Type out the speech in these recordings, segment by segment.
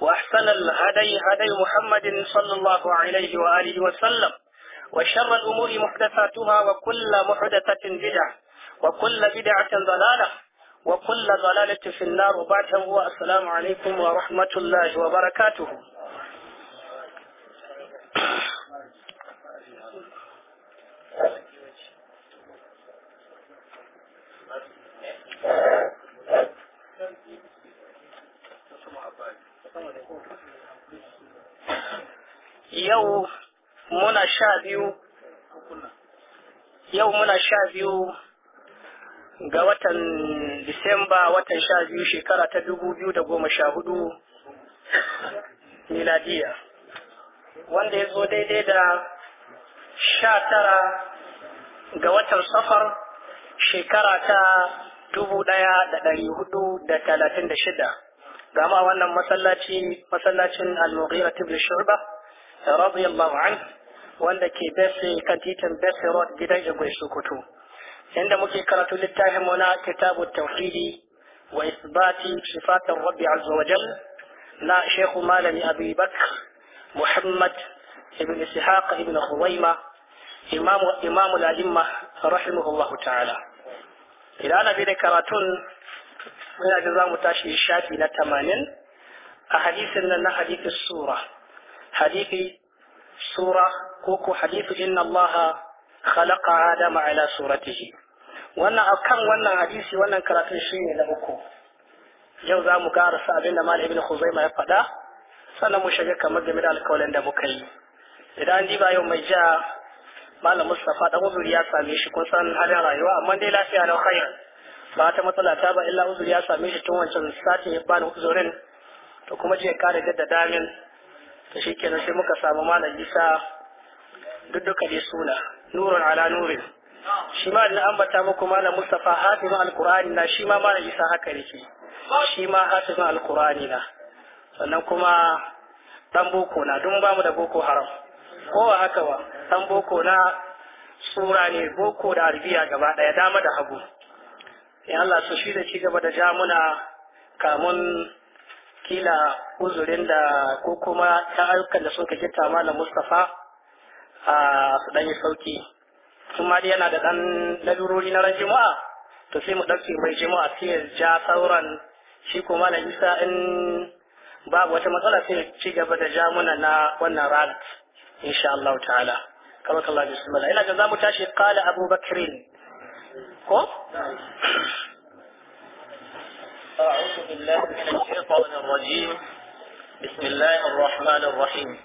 وأحسن الهدي هدي محمد صلى الله عليه وآله وسلم وشر الأمور محدثاتها وكل محدثة بدعة وكل بدعة ضلالة وكل ضلالة في النار وبعد السلام عليكم ورحمة الله وبركاته Thank you. yau muna sha biyu yau muna sha biyu ga watan disamba watan sha biyu shekara ta dubu biyu da goma sha hudu miladiya wanda ya zo daidai da sha tara ga watan safar shekara ta dubu daya da dari hudu da talatin da shida gama wannan masallaci masallacin al-mughira ibn رضي الله عنه كي وأن كيبس بس بسرات جدي ويسكتوا عندما قرأت للتاهم هنا كتاب التوحيد وإثبات صفات الرب عز وجل لا شيخ مالم أبي بكر محمد بن إسحاق بن خويمة إمام إمام الأئمة رحمه الله تعالى إلى أنا في ذكرات من أجزاء متاشي الشافي إلى أحاديث أن حديث السورة حديث sura ko ko hadithu inna Allah khalaqa adama ala suratihi wannan akan wannan hadisi wannan karatun shine na uku yau za mu karasa abin da mal ibn khuzaima ya faɗa sannan mu shiga kamar game da alƙawalin da muka yi idan an ba yau mai ja malam mustafa dan uzuri ya same shi kun san halin rayuwa amma dai lafiya na khair ba ta matsala ta ba illa uzuri ya same shi tun wancan satin ya bani uzurin to kuma je kare da damin to shi kenan sai muka samu malam isa duk duka dai suna nurun ala nurin shi ma na ambata muku malam mustafa hafizan alqur'ani na shi ma malam isa haka yake shi ma hafizan alqur'ani na sannan kuma dan boko na dun ba mu da boko haram kowa haka ba dan boko na sura ne boko da arbiya gaba daya dama da hagu in Allah so shi da ci gaba da jamuna kamun kila uzurin da ko kuma ta'ayyukan da suka kita malam Mustafa a su dan yi sauki kuma dai yana da ɗan lalurori na ran juma'a to sai mu dauke mai juma'a sai ya ja sauran shi ko malam Isa in babu wata matsala sai ci gaba da jamuna na wannan ran insha Allah ta'ala kamar bismillah ina ga zamu tashi kala abubakrin ko أعوذ بالله من الشيطان الرجيم بسم الله الرحمن الرحيم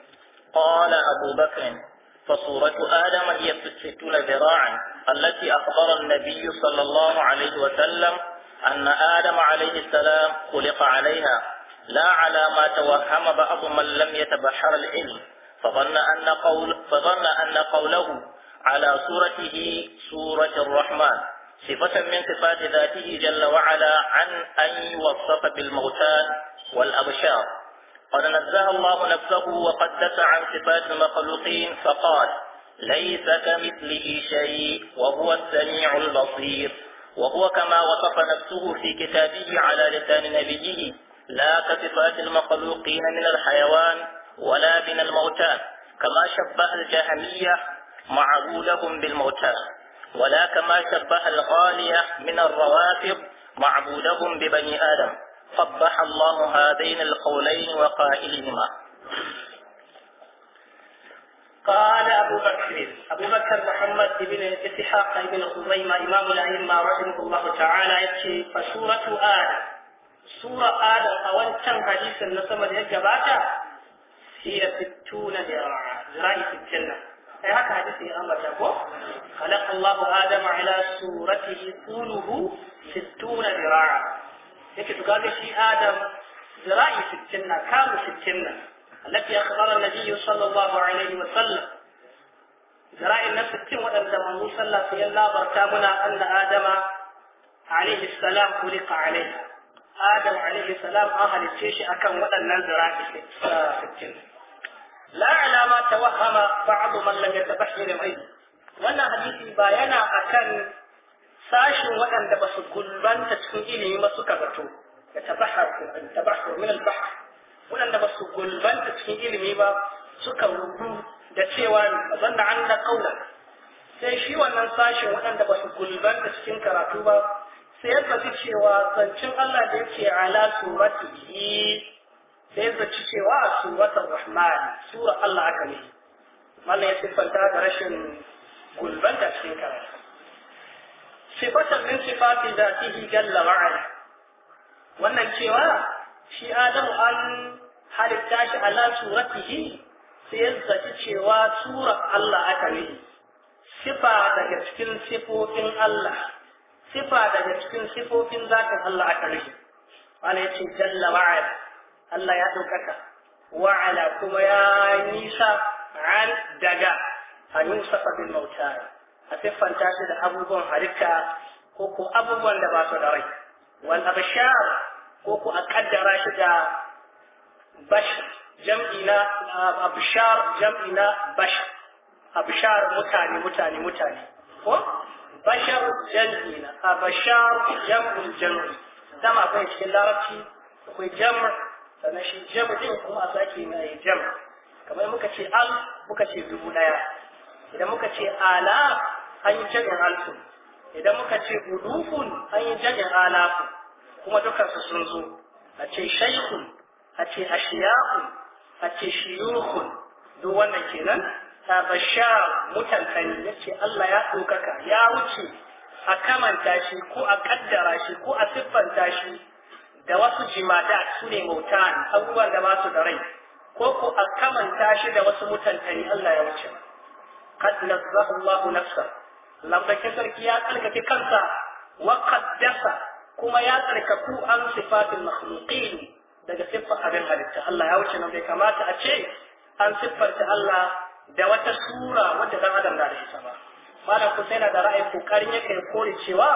قال أبو بكر فصورة آدم هي ستون ذراعا التي أخبر النبي صلى الله عليه وسلم أن آدم عليه السلام خلق عليها لا على ما توهم بعض من لم يتبحر العلم فظن أن, قول فظن أن قوله على صورته صورة الرحمن صفة من صفات ذاته جل وعلا عن أن يوصف بالموتان والأبشار قد نزه الله نفسه وقدس عن صفات المخلوقين فقال ليس كمثله شيء وهو السميع البصير وهو كما وصف نفسه في كتابه على لسان نبيه لا كصفات المخلوقين من الحيوان ولا من الموتى كما شبه الجهمية معقولهم بالموتى ولا كما شبه الغالية من الروافض معبودهم ببني آدم صبح الله هذين القولين وقائلهما قال أبو بكر أبو بكر محمد بن إسحاق بن خزيمة إمام الأئمة رحمه الله تعالى يتشي فسورة آدم سورة آدم أول كم حديث النسمة يجباتها هي ستون ذراعا ذراعي في الجنة sai haka hadisin ya خلق الله آدم على صورته طوله ستون ذراعا هيك تقال kaga آدم ذراعي zira'i كام na التي أخبر النبي صلى الله عليه وسلم زراء النفس التم وأن من صلى في الله بركامنا أن آدم عليه السلام خلق عليه آدم عليه السلام أهل الشيش أكم وأن ذراعي الستين la ala ma tawahama ba'd man lam yatabahhar al-ilm wannan hadisi ba yana akan sashin waɗanda ba su gulbanta cikin ilimi ba suka zato da tabahar tabahar min al-bahr waɗanda ba su gulbanta cikin ilimi ba suka rubu da cewa zanna an da kaula sai shi wannan sashin waɗanda ba su gulbanta cikin karatu ba sai ya zaci cewa zancen Allah da yake ala surati sai zaci cewa a alqur'ani sura Allah aka ne mallan ya siffanta da rashin da cikin karatu sifatan min sifati zatihi jalla wa'ala wannan cewa shi adamu an halitta shi ala suratihi sai ya zaci cewa surar Allah aka ne sifa daga cikin sifofin Allah sifa daga cikin sifofin zatin Allah aka ne wala yace jalla wa'ala Allah ya ɗaukaka وعلى كميان نيسا عن دجا أن يوصف بالموتى أتفن تاسد أبوبون هلكا كوكو أبوبون لباس داري والأبشار كوكو أقدر شدا بشر جمعنا أبشار جمعنا بشر أبشار متاني متاني متاني بشر jam'i na أبشار bashar jam'ul jam'i dama akwai cikin sannan shi jam'in kuma a sake mai jam' kamar muka ce al muka ce dubu daya idan muka ce ala an yi jam'in alfu idan muka ce ulufun an yi jam'in alafu. kuma dukansu sun zo a ce shaikhun a ce ashiya'un a ce shiyukun duk wannan kenan ta basha mutankani ya ce Allah ya ɗaukaka ya wuce a kamanta shi ko a kaddara shi ko a siffanta shi da wasu jimada su ne mautan abubuwan da masu da rai ko ku a kamanta shi da wasu mutantani Allah ya wuce qad nazzahu Allahu nafsa lambake sarki ya tsarkake kansa wa qaddasa kuma ya ku an sifatul makhluqin daga siffar abin halitta Allah ya wuce nan bai kamata a ce an siffarta Allah da wata sura wadda dan adam da ita ba malam sai na da ra'ayin kokarin yake kore cewa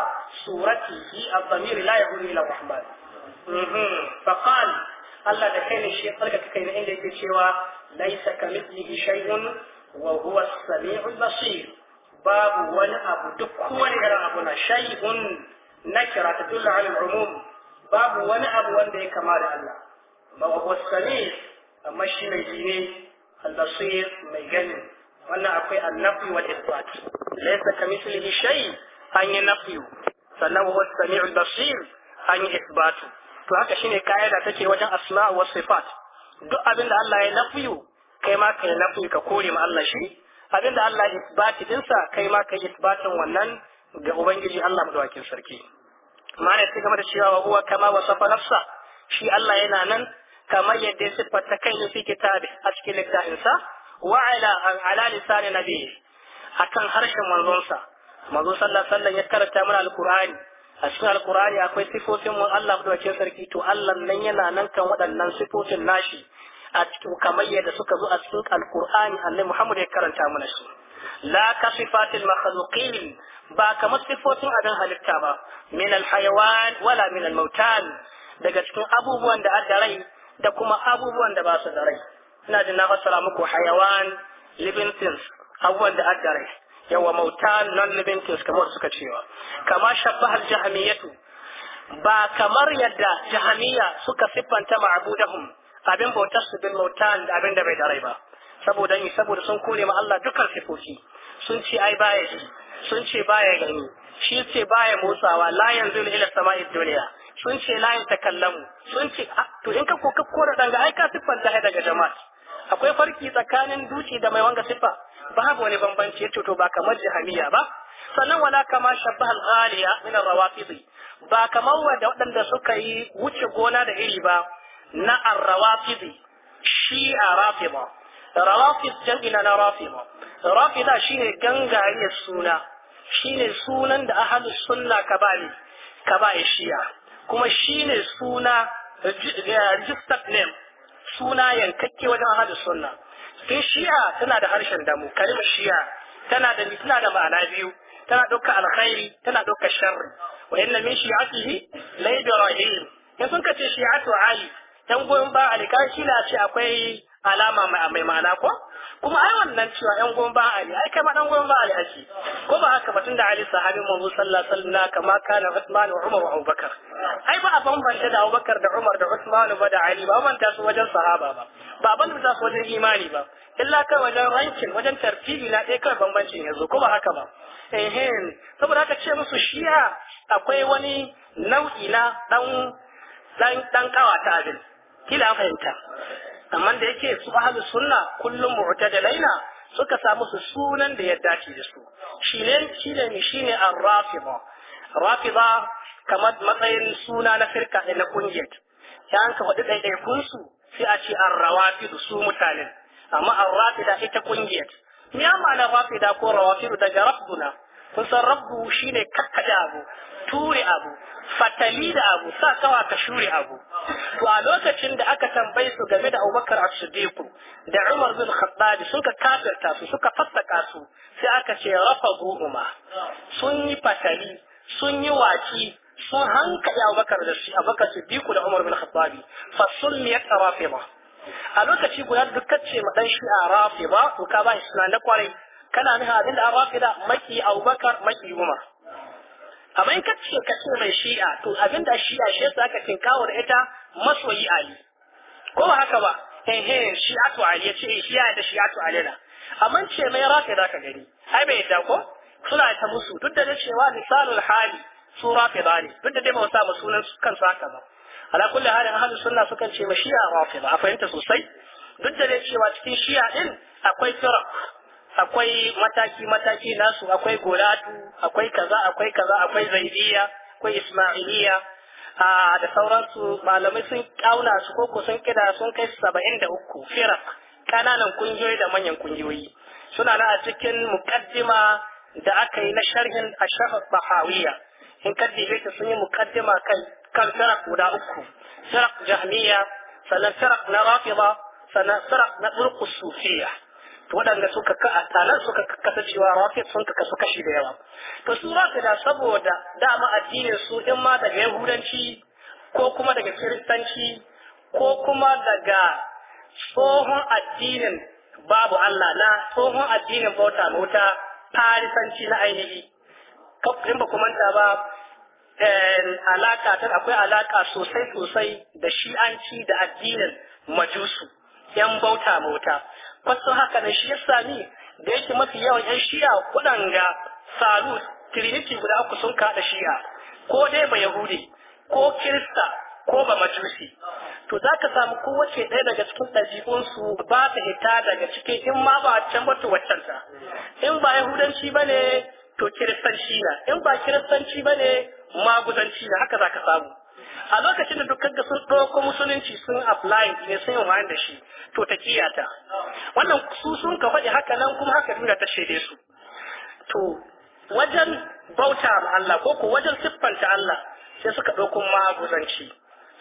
surati hi فقال الله ده كاين الشيء فرقك كاين عندي تشيوا ليس كمثله شيء وهو السميع البصير باب ولا أبو دكوان إلى أبونا شيء نكرة تدل على العموم باب ولا أبو وان كمال الله وهو السميع أما الشيء ميزيني البصير ميجنن wannan akwai annafi wal isbat laysa kamithlihi shay an yi nafiyu sannan wa sami'ul basir an yi isbatu to haka shine kaida take wajen asma wa sifat duk abinda Allah ya nafiyu kai ma kai nafiyu ka kore ma Allah shi abinda Allah ya isbati dinsa kai ma kai isbatin wannan ga ubangiji Allah madawakin sarki mana sai game da cewa wa huwa kama wasafa nafsa shi Allah yana nan kamar yadda ya siffata kai ne fi kitabi a cikin littafinsa wa ala ala lisani nabi akan harshen manzonsa manzo sallallahu alaihi wasallam ya karanta mana alqur'ani a cikin alkurani akwai sifofin mun Allah madaukakin sarki to Allah nan yana nan kan waɗannan sifofin nashi a cikin kamar yadda suka zo a cikin alkur'ani annabi Muhammad ya karanta mana su la ka sifatil makhluqin ba kamar sifofin adan halitta ba min alhayawan wala min almautan daga cikin abubuwan da adda rai da kuma abubuwan da ba su da rai ina jin na fassara muku hayawan living things abubuwan da adda rai yawa mautan non living kamar suka cewa kama shabbahal jahamiyatu ba kamar yadda jahamiya suka siffanta ma'budahum abin bautar su bin mautan da abin da bai da rai ba saboda ni saboda sun kore ma Allah dukkan sifofi sun ce ai baya ji sun ce baya gani shi ce baya motsawa la yanzu ila sama'i duniya sun ce la yatakallamu sun ce ah, to in ka ko kore dan ai ka siffanta daga jama'a akwai farki tsakanin duci da mai wanga siffa babu wani bambanci yace to ba kamar jahamiya ba sannan wala kama shabbah al-ghaliya min ar-rawafidi ba kamar wanda waɗanda suka yi wuce gona da iri ba na ar-rawafidi shi'a rafida rawafid jam'ina na rafima rafida shine gangariyar suna shine sunan da ahlus sunna ka ka ba shi'a kuma shine suna eh, registered name suna yankake wajen ahlus sunna Tun eh, shi'a tana da harshen damu kalimar shi'a tana da tana da ma'ana biyu tana ɗauka alkhairi tana ɗaukar sharri wa inna min shi'atihi la ibrahim in sun kace shi'atu ali dan goyon ba alkashi na ce akwai alama mai ma'ana ko kuma ai wannan cewa yan goyon ba Ali ai kai ma dan goyon ba Ali ake ko ba haka ba tunda Ali sahabin manzo sallallahu alaihi wasallam kama kana Uthman wa Umar wa Abubakar ai ba a bambanta da Abubakar da Umar da Uthman ba da Ali ba ban ta su wajen sahaba ba ba ban ta su wajen imani ba illa kai wajen rankin wajen tartibi na ɗaya kawai bambancin yanzu ko ba haka ba Ehe. saboda haka ce musu shi'a akwai wani nau'i na dan dan dan kawata abin kila fahimta amma da yake su ahlus sunna kullum mu'tadalaina suka samu su sunan da ya dace da su shi ne ne shi ne ar-rafida rafida kamar matsayin suna na firka da na kungiyar sai an ka faɗi ɗaiɗaikun su sai a ce ar rawafid su mutanen amma ar-rafida ita kungiyar ya ma'ana rafida ko rawafid daga rabbuna, kun san rabbu shine kakkaɗe abu ture abu fatali da abu sa kawa ka shure abu to a lokacin da aka tambaye su game da Abubakar as-Siddiq da Umar bin Khattab sun ka kafirta su suka fassaka su sai aka ce rafadu uma sun yi fatali sun yi waci sun hanka ya Abubakar da shi Abubakar Siddiq da Umar bin Khattab fa summiyat rafida a lokaci guda dukkan ce ma dan shi'a rafida to ka ba shi na kwarai kana nuna abin da an rafida maki Abubakar maki Umar amma in kace ka ce mai shi'a to abin da shi'a shi yasa aka da ita masoyi ali ko ba haka ba eh eh shi'atu ali ya ce eh, shi'a da shi'atu ali na amma ce mai rafi da ka gani ai bai yadda ko suna ta musu duk da cewa misalul hali su rafi da ne duk da dai ba mu sa sunan kansu haka ba ala kulli halin ahli sunna suka ce ma shi'a rafi ba a fahimta sosai duk da cewa cikin shi'a din akwai firak akwai mataki-mataki nasu akwai goratu akwai kaza akwai kaza akwai zaidiya akwai ismailiya A da sauransu malamai sun kauna su ko sun kida sun kai saba'in da uku firak kananan kungiyoyi da manyan kungiyoyi suna na a cikin mukaddima da aka yi na sharhin a shafa bahawiya in kaddibe ta sun yi mukaddima kan kan firak guda uku firak jahmiya sannan firak na rafiba sannan firak na turkus sufiya waɗanda suka ka a talar suka kasa cewa rafi sun ka kashi da yawa to su da saboda dama addinin su in ma daga yahudanci ko kuma daga kiristanci ko kuma daga tsohon addinin babu Allah na tsohon addinin bauta mota farisanci na ainihi kafin ba manta ba eh, alaka ta akwai alaka sosai sosai da shi'anci da addinin majusu yan bauta mota kwasan haka na shi ya sami da yake mafi yawan yan shi'a ga salu trinity guda uku sun kaɗa shi'a ko dai ba yahudi ko kirista ko ba majusi to za ka samu kowace ɗaya daga cikin ɗabi'unsu ba ta hita daga cikin in ma ba can ba waccan ta in ba yahudanci ba ne to kiristanci na in ba kiristanci ba ne maguzanci na haka za ka samu a lokacin da dukkan da sun ɗauko musulunci sun apply ne sun yi wani da shi to ta kiyata wannan su sun ka faɗi haka nan kuma haka duniya ta shaide su to wajen bauta ma Allah ko ko wajen siffanta Allah sai suka ɗauko maguzanci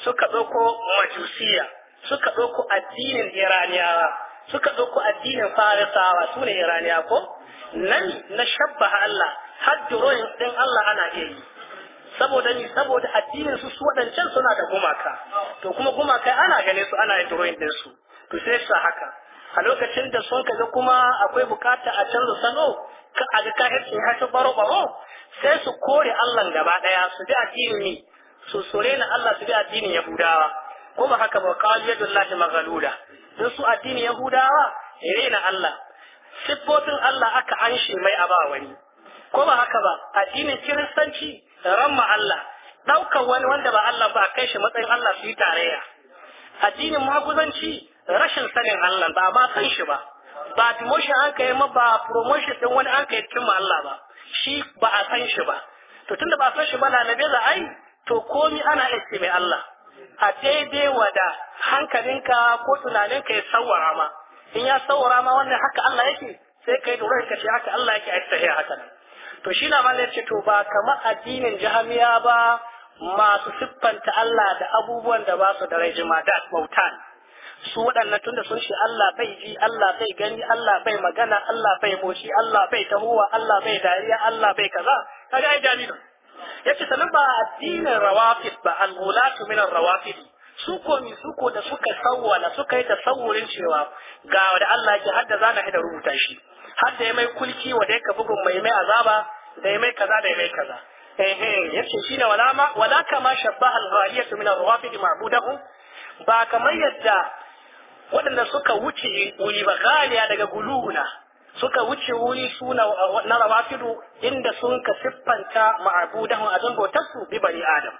suka ɗauko majusiya suka ɗauko addinin iraniyawa suka ɗauko addinin farisawa su ne iraniya ko nan na shabba Allah har duroyin ɗin Allah ana iya yi saboda ni saboda addinin su su wadancan suna da gumaka to kuma gumaka ana ganesu, su ana drawing din su to sai sa haka a lokacin da sun kaga kuma akwai bukata a canza salo a ga kahircin ya ta baro baro sai su kore Allah gaba daya su bi addinin ni su sore na Allah su bi addinin Yahudawa ko ba haka ba qaliyatul lahi maghluda dan su addinin Yahudawa rena Allah siffofin Allah aka anshi mai aba wani ko ba haka ba addinin kiristanci ran ma Allah ɗaukar wani wanda ba Allah ba a kai shi matsayin Allah su yi tarayya addinin maguzanci rashin sanin Allah ba ma san shi ba ba promotion an kai ma ba promotion din wani an kai cikin Allah ba shi ba a san shi ba to tunda ba a san shi ba lalabe za ai to komi ana aiki mai Allah a daidai wada hankalinka ko tunaninka ya sawara ma in ya sawara ma wannan haka Allah yake sai kai da ka ce haka Allah yake a haka nan to shi na malar ce to ba kama addinin jahamiya ba masu siffanta Allah da abubuwan da ba su da rai da bautan su waɗannan tunda sun shi Allah bai ji Allah bai gani Allah bai magana Allah bai boshi Allah bai tahowa Allah bai dariya Allah bai kaza kaga ai jamilu yace sanan ba addinin rawafid ba al-mulatu min ar-rawafid su ko mi su ko da suka sawwala suka yi tasawurin cewa ga da Allah yake hadda zana da rubuta shi hadda ya mai kulki wanda yake bugun mai mai azaba da eh, mai kaza da mai kaza eh, eh, yace shi wala wala kama shabbaha al-ghaliyatu min ar-rafid ba kamar yadda waɗanda suka wuce wuri ba ghaliya daga guluna suka wuce wuri suna na rawafidu inda sun ka siffanta ma'budahum a su bi bari adam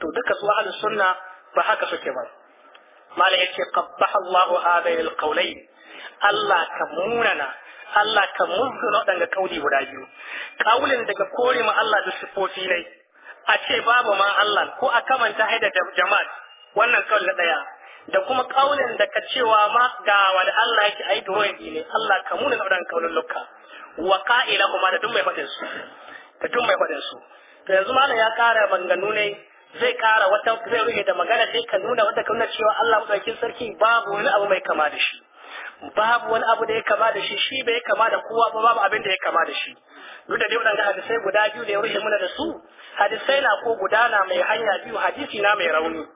to duka su ahlus sunna ba haka suke ba malai yace qabbaha Allahu hadha al-qawlayn Allah ka munana Allah kan na waɗanda kauli guda biyu kaulin daga kore ma Allah da sifofi ne a ce babu ma Allah ko a kamanta haida da jama'a wannan kauli na ɗaya da kuma kaulin da ka cewa ma ga wanda Allah yake ai wani ne Allah kan muna waɗanda kaulin lukka wa qa'ila kuma da duk fadin su da duk fadin su to yanzu malam ya ƙara banganu ne zai kara wata zai rufe da magana sai ka nuna wata kauna cewa Allah madaukakin sarki babu wani abu mai kama da shi babu wani abu da ya kama da shi shi bai kama da kowa ba babu abin da ya kama da shi duk da dai hadisai guda biyu da ya rushe muna da su hadisai na ko gudana mai hanya biyu hadisi na mai rauni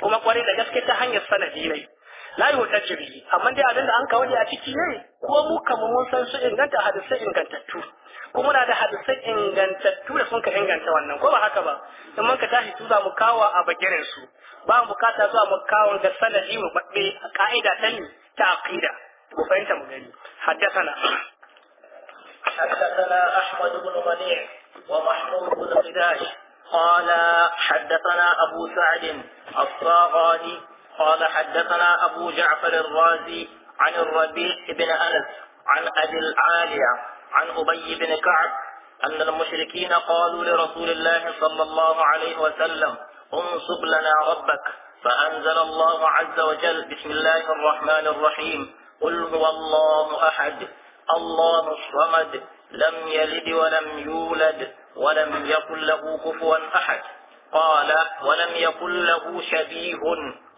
kuma kwarai da gaske ta hanyar sanadi ne la yi wata jirgi amma dai abin da an kawo a ciki ne ko mu kama mun san su inganta hadisai ingantattu kuma na da hadisai ingantattu da sun ka inganta wannan ko ba haka ba in mun ka tashi su za mu kawo a bagirin su ba mu bukata zuwa mu kawo ga sanadi mu a ka'ida ta ta aqida mu fahimta حدثنا حدثنا أحمد بن منيع ومحمود بن قداش قال حدثنا أبو سعد الصاغاني قال حدثنا أبو جعفر الرازي عن الربيع بن أنس عن أبي العالية عن أبي بن كعب أن المشركين قالوا لرسول الله صلى الله عليه وسلم انصب لنا ربك فأنزل الله عز وجل بسم الله الرحمن الرحيم قل هو الله أحد الله الصمد لم يلد ولم يولد ولم يكن له كفوا أحد قال ولم يكن له شبيه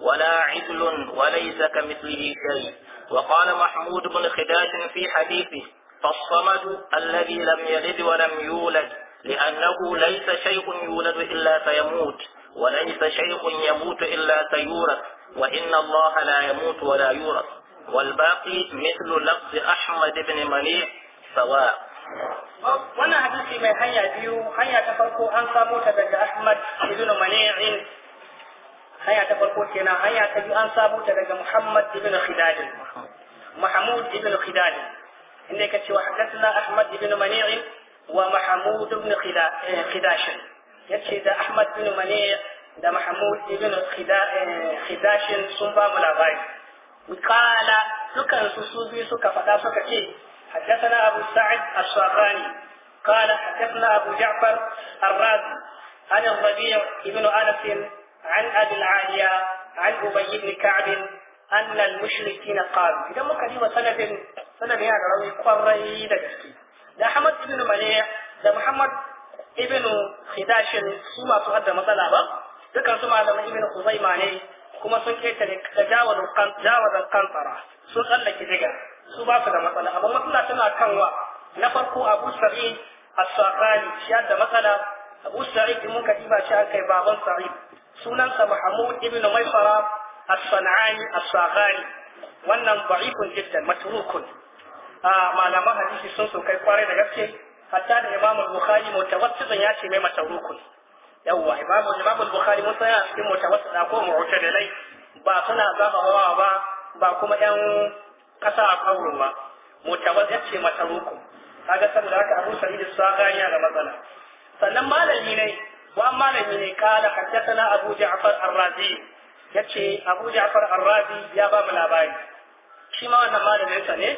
ولا عدل وليس كمثله شيء وقال محمود بن خداج في حديثه فالصمد الذي لم يلد ولم يولد لأنه ليس شيء يولد إلا فيموت وليس شيء يموت إلا فيورث وإن الله لا يموت ولا يورث والباقي مثل لفظ احمد بن مليع سواء وانا حديثي من هيا ديو هيا تفرقوا عن صابوتا بدا احمد بن مليع هيا تفرقوا كنا هيا تجو عن صابوتا محمد بن خداد محمود بن خداد انك تشو احمد بن منيع ومحمود بن إيه، خداش يتشي دا احمد بن منيع دا محمود بن إيه، خداش سنبا ملاغاي qala dukan su su biyu suka faɗa suka ce حدثنا أبو سعد الشعراني قال حدثنا أبو جعفر الرازي عن الربيع بن أنس عن أبي العالية عن أبي بن كعب أن المشركين قالوا إذا ما كان سند سند يعني روي قري da Ahmad ibn Maliya da Muhammad ibn Khidashin su masu hadda matsala ba dukan su malaman ibn Khuzaima ne kuma sun ketare tajawazan jawazan kansara sun tsallake diga su ba su da matsala amma matsala tana kan wa na farko abu sa'id as-saqali shi da matsala abu ɗin mun kadiba shi an kai baban Sari sunansa mahmud ibn Maifara, as-sanani as-saqali wannan da'ifun jiddan matrukun ah, malaman hadisi sun so kai kwarai da gaske hatta da imam al-bukhari mutawassitan ya ce mai matrukun yawwa imamu imamu bukhari mun san cikin mutawassita ko mu'tadilai ba suna zabawa ba ba kuma yan kasa a kauro ba mutawassita ce ruku kaga saboda haka abu su ga sagani ga matsala sannan malami ne wa malami ne ka da haddathana abu ja'far ar-razi yace abu ja'far ar-razi ya ba mu labari shi ma wannan malami ne ne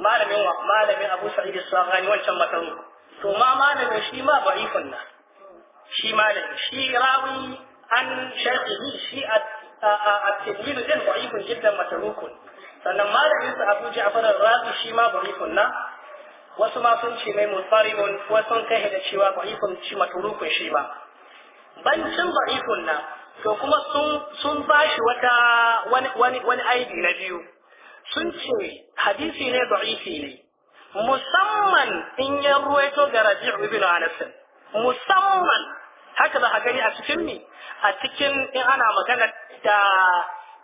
malamin wa malamin abu sa'id as-sagani wancan mataruku to ma malamin shi ma ba'ifun nan shi malami shi rawi an sharhihi shi a tilmin din da'ifun jiddan matarukun sannan malamin sa Abu Ja'far al-Razi shi ma da'ifun na wasu ma sun ce mai mutaribun wasu sun kai da cewa da'ifun shi matarukun shi ma bancin da'ifun na to kuma sun sun bashi wata wani wani wani aibi na biyu sun ce hadisi ne da'ifi ne musamman in ya ruwaito ga Rabi'u ibn Anas musamman haka za a gani a cikin ni a cikin in ana magana da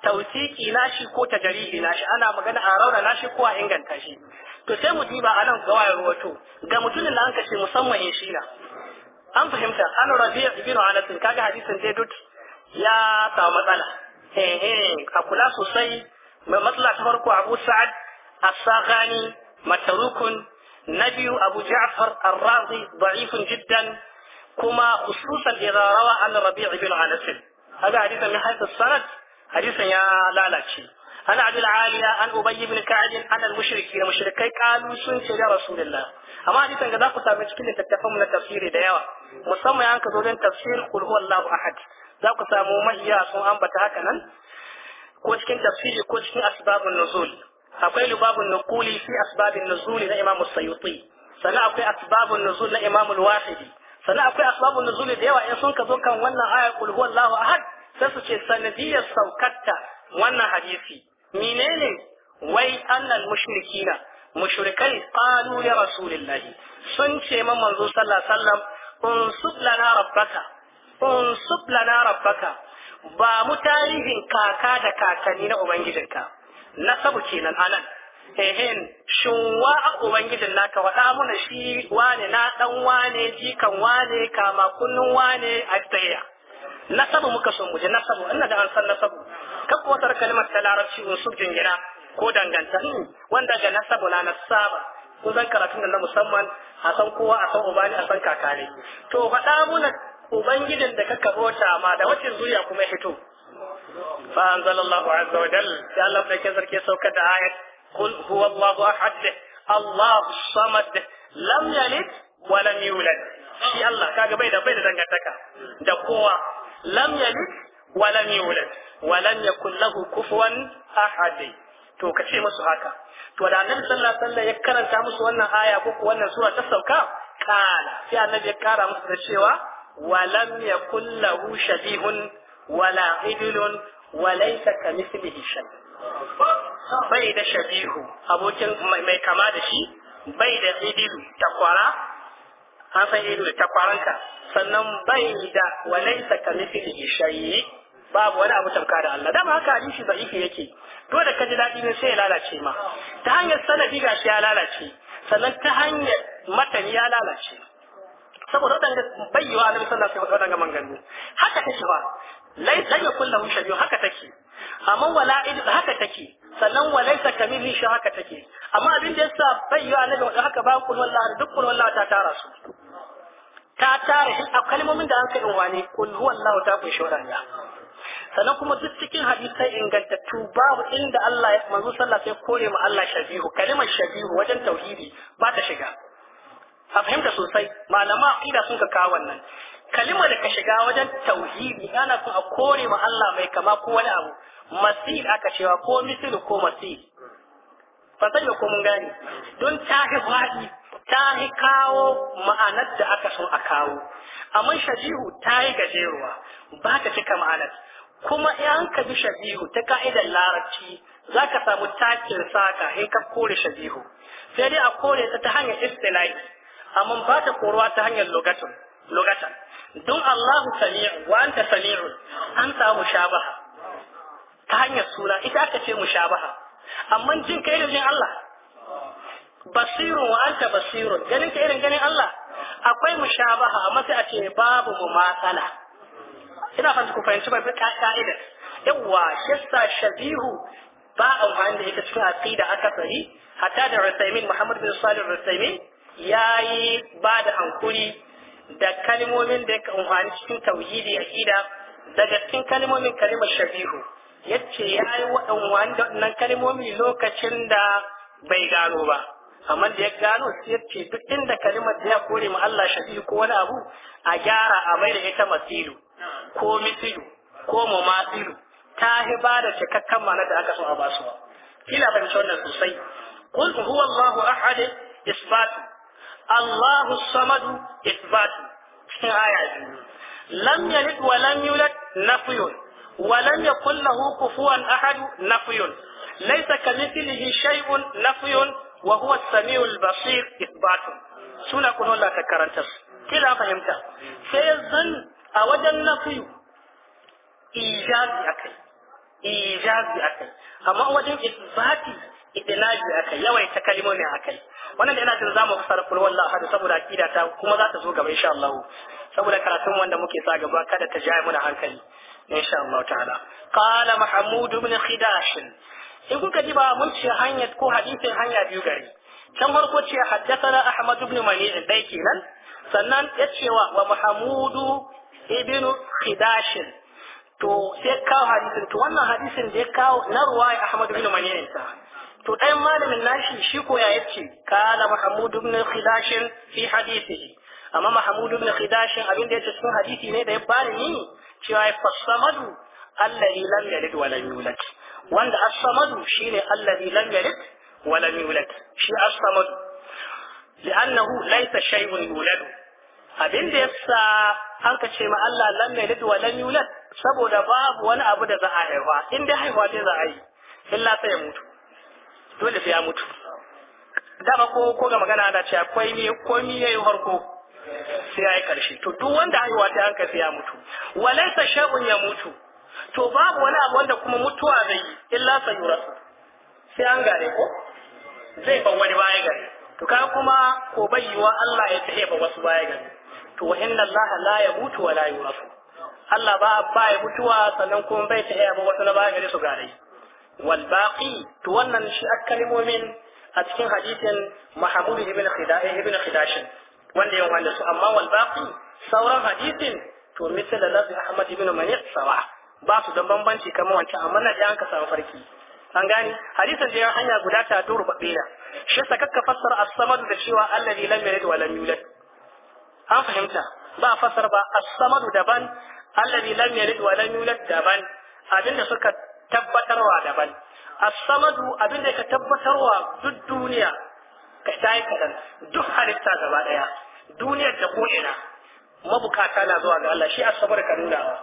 tausiki nashi ko dalili nashi ana magana a raura nashi ko a inganta shi to sai mu diba anan nan gawayar wato ga mutumin da an kace musamman in shina an fahimta an rabi'a ibn anas kaga hadisin dai duk ya samu matsala eh eh a kula sosai mai matsala ta farko abu sa'ad as-saghani matarukun na biyu abu ja'far ar-razi da'ifun jiddan كما خصوصا إذا روى عن الربيع بن أنس هذا حديث من حيث السند حديث يا لالاتي أنا عبد العالية عن أبي بن كعب عن المشركين المشركين قالوا سنت يا رسول الله amma hadisin da za ku same cikin littattafan na tafsiri da yawa musamman an ka zo don tafsir kul huwallahu ahad za ku samu mahiya sun ambata haka nan ko cikin tafsiri ko cikin asbabun nuzul akwai lubabun nukuli fi asbabin nuzuli na imamu sayuti sannan akwai asbabun nuzul na imamu al-wahidi sannan akwai asbabun nuzuli da yawa in sun ka zo kan wannan ayar kul huwallahu ahad sai su ce sanadiyar saukatta wannan hadisi menene wai annal mushrikina mushrikai qalu ya rasulillah sun ce man manzo sallallahu alaihi wasallam unsub lana rabbaka unsub lana rabbaka ba mu tarihin kaka da kakanni na ubangijinka nasabu kenan anan ehen shin wa a ubangijin naka waɗa muna shi wane na dan wane jikan wane kama kunnun wane a tsaya nasabu muka son muje nasabu ina da an san nasabu kan kuwa tar kalmar ta larabci unsur jingira ko danganta hmm, wanda ga nasabu na nasaba ko zan karatun da na musamman a san kowa a san ubani a san kakare to fada muna ubangijin da kaka bota ma da wacin zuriya kuma ya fito fa anzalallahu azza wa jalla ya Allah sarki saukar da ayat قل هو الله أحد الله الصمد لم يلد ولم يولد shi Allah kaga bai da bai da dangantaka da kowa lam yalid wa lam yulad wa lam yakul lahu kufuwan ahad to kace musu haka to da annabi sallallahu alaihi wasallam ya karanta musu wannan aya ko ku wannan sura ta sauka kala sai annabi ya kara musu da cewa wa lam yakul lahu shabihun wala idlun wa laysa kamithlihi shay bai da shabihu abokin mai kama da shi bai da idilu takwara an san idilu takwaranka sannan bai da walai sakamifin ishayi babu wani abu tamka da Allah dama haka hadisi da ike yake to da kaji dadi ne sai ya lalace ma ta hanyar sanadi gashi ya lalace sannan ta hanyar matani ya lalace saboda wadanda bayyawa annabi sallallahu alaihi wasallam wadanda manganu haka take ba lai zai kullum lahu haka take amma wala'id haka take sannan walaita kamili shi haka take amma abin da yasa bai yi annabi wanda haka ba kun wallahi duk kun wallahi ta tara su ta tara shi a kalmomin da an kai wani kun wallahi ta kunshi wadanda sannan kuma duk cikin hadisai ingantattu babu inda Allah ya manzo sallah sai kore ma Allah shabihu kalimar shabihu wajen tauhidi ba ta shiga a fahimta sosai malama aqida sun ka kawo wannan kalimar da ka shiga wajen tauhidi yana son a kore ma Allah mai kama ko wani abu masil aka cewa ko misil ko masil ba sani ko mun gani. don ta fi ta kawo ma'anar da aka so a kawo amma shabihu ta yi gajeruwa ba ta cika ma'anar kuma in ka bi shabihu ta ka'idar larabci za ka samu takin saka in ka kore shabihu sai dai a kore ta ta hanyar istilahi amma ba ta koruwa ta hanyar lokacin. lokacin don Allahu sami'u wa anta sami'u an samu shabaha ta hanyar suna ita aka ce mushabaha amma jin ka irin jin Allah basirun wa anta basirun ganin ka irin ganin Allah akwai mushabaha amma sai a ce babu mu matsala ina fanta ku fahimci ba ka'ida yawa shissa shabihu ba amfani da ita cikin aqida aka sani? hatta da Rasaimin Muhammad bin Salih Rasaimin yayi ba da hankuri da kalmomin da ya amfani cikin tauhidi aqida daga cikin kalmomin kalimar shabihu yace ya yi waɗannan kalmomi lokacin da bai gano ba amma da ya gano sai yace duk inda kalimar da ya kore mu Allah shafi ko wani abu a gyara a mai da ita masilu ko misilu ko masilu ta hi ba da cikakken ma'ana da aka so a basu ba kila fahimci wannan sosai qul huwa Allahu ahad isbat Allahu samad isbat cikin aya lam yalid wa lam yulad nafyun ولم يكن له كفوا أحد نفي ليس كمثله شيء نفي وهو السميع البصير إثبات سنة كن الله تكرنت كلا فهمت فيزن أوجد نفي إيجاز أكي إيجاز أكي أما أوجد إثباتي idinaji akai yawaita kalmomi akai wannan da ina jin zamu fasara kul wallahi ahad saboda akida ta kuma za ta zo gaba insha Allah saboda karatun wanda muke sa gaba kada ta jaye muna hankali insha Allah ta'ala qala mahmud ibn khidash in kuka ji ba mun ce hanya ko hadisin hanya biyu gari can farko ce haddathana ahmad ibn mani' dai kenan sannan ya cewa wa mahmud ibn khidash to sai kawo hadisin to wannan hadisin da ya kawo na ruwaya ahmad ibn mani' ta to ɗayan malamin nashi shi ko ya yace kala mahmud ibn khidash fi hadisihi amma mahmud ibn khidash abin da yace cikin hadisi ne da ya bani ni cewa ya fasamadu allazi lam yalid wa lam yulad wanda as-samadu shine allazi lam yalid wa lam yulad shi as-samadu li'annahu laysa shay'un yulad abin da yasa an ka ma Allah lam yalid wa lam yulad saboda babu wani abu da za a haifa in dai haifa dai za a yi illa sai ya mutu dole sai ya mutu dama ko ko ga magana da ce akwai ne komi yayin yayi harko sai ya yi ƙarshe to duk wanda haihuwa ta hanka sai ya mutu walaisa sha'un ya mutu to babu wani abu wanda kuma mutuwa zai yi illa su sai an gare ko zai ban wani baya gare to ka kuma ko bayyuwa Allah ya tsaye ba wasu baya gare to wa inna Allah la mutu wa la su Allah ba ba ya mutuwa sannan kuma bai ta ba wasu na baya gare su gare wal baqi to wannan shi akalmomin a cikin hadisin Mahmud ibn Khidai ibn Khidashin wanda ya wanda su amma wal baqi sauran hadisin to misal lafi ahmad ibn mani' sawa ba su da bambanci kamar wancan amma na an ka samu farki an gani hadisin da ya hanya guda ta duru babena shi sa kakka fassara as-samad da cewa alladhi lam yalid wa lam yulad an fahimta ba fassar ba as-samad daban alladhi lam yalid wa lam yulad daban abinda suka tabbatarwa daban as-samadu abinda ka tabbatarwa duk duniya ka shayi kaɗan duk halitta gaba ɗaya duniyar da ko ina mabukata na zuwa ga Allah shi asabar ka nuna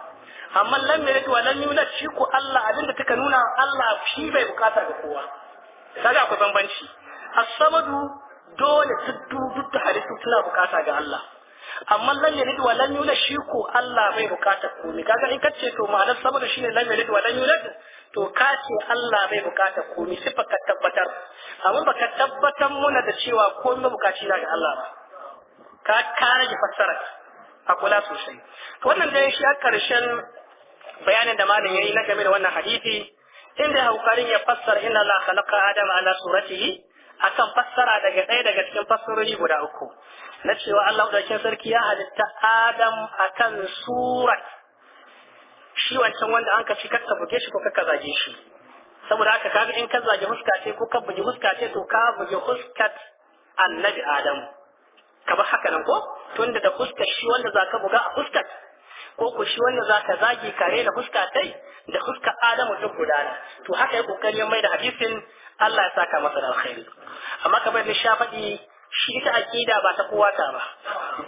amma lam yalid duwa lam yulad shi ko Allah abinda take nuna Allah shi bai bukata ga kowa kaga akwai bambanci as-samadu dole tuddu duk halittu tana bukata ga Allah amma lam yalid duwa lam yulad shi ko Allah bai bukata ni kaga in kace to ma'anar samadu shine ne yalid wa lam yulad to ka ce Allah bai bukata komai sai baka tabbatar amma baka tabbatar muna da cewa komai bukaci na ga Allah ba ka kare ki fassara a kula sosai wannan dai shi a karshen bayanin da malam yayi na game da wannan hadisi inda haukarin ya fassara inna Allah khalaqa adama ala suratihi akan fassara daga ɗaya daga cikin fassarori guda uku na cewa Allah da sarki ya halitta Adam akan surat shi wancan wanda an kashi kakka buge shi ko kakka zage shi saboda haka kaga in ka zage huska ce ko ka buge huska ce to ka buge huskat annabi adam ka ba haka nan ko tunda da huskar shi wanda za ka buga a huskat ko ku shi wanda za ka zage kare da huska tai da huska adamu duk gudana to haka ya kokarin mai da hadisin Allah ya saka masa da alkhairi amma kamar da sha faɗi shi ita akida ba ta kowa ba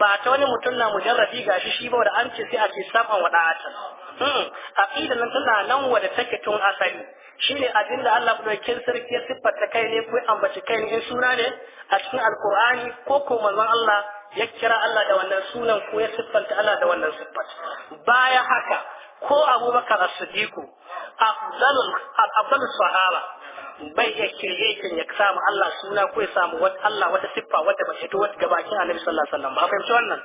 ba ta wani mutum na mujarrabi ga shi ba da an ce sai a ce saman wa da'atan hmm nan tana nan wa da take tun asali shine abin da Allah madaukakin sarki ya siffarta kai ne ko ambaci kai ne in suna ne a cikin alkur'ani ko ko manzon Allah ya kira Allah da wannan sunan ko ya siffanta Allah da wannan siffat baya haka ko Abubakar As-Siddiq afdalul afdalus sahaba bai iya creation ya samu Allah suna ko ya samu wata Allah wata siffa wata bace to wata gabakin Annabi sallallahu alaihi wasallam ba fahimci wannan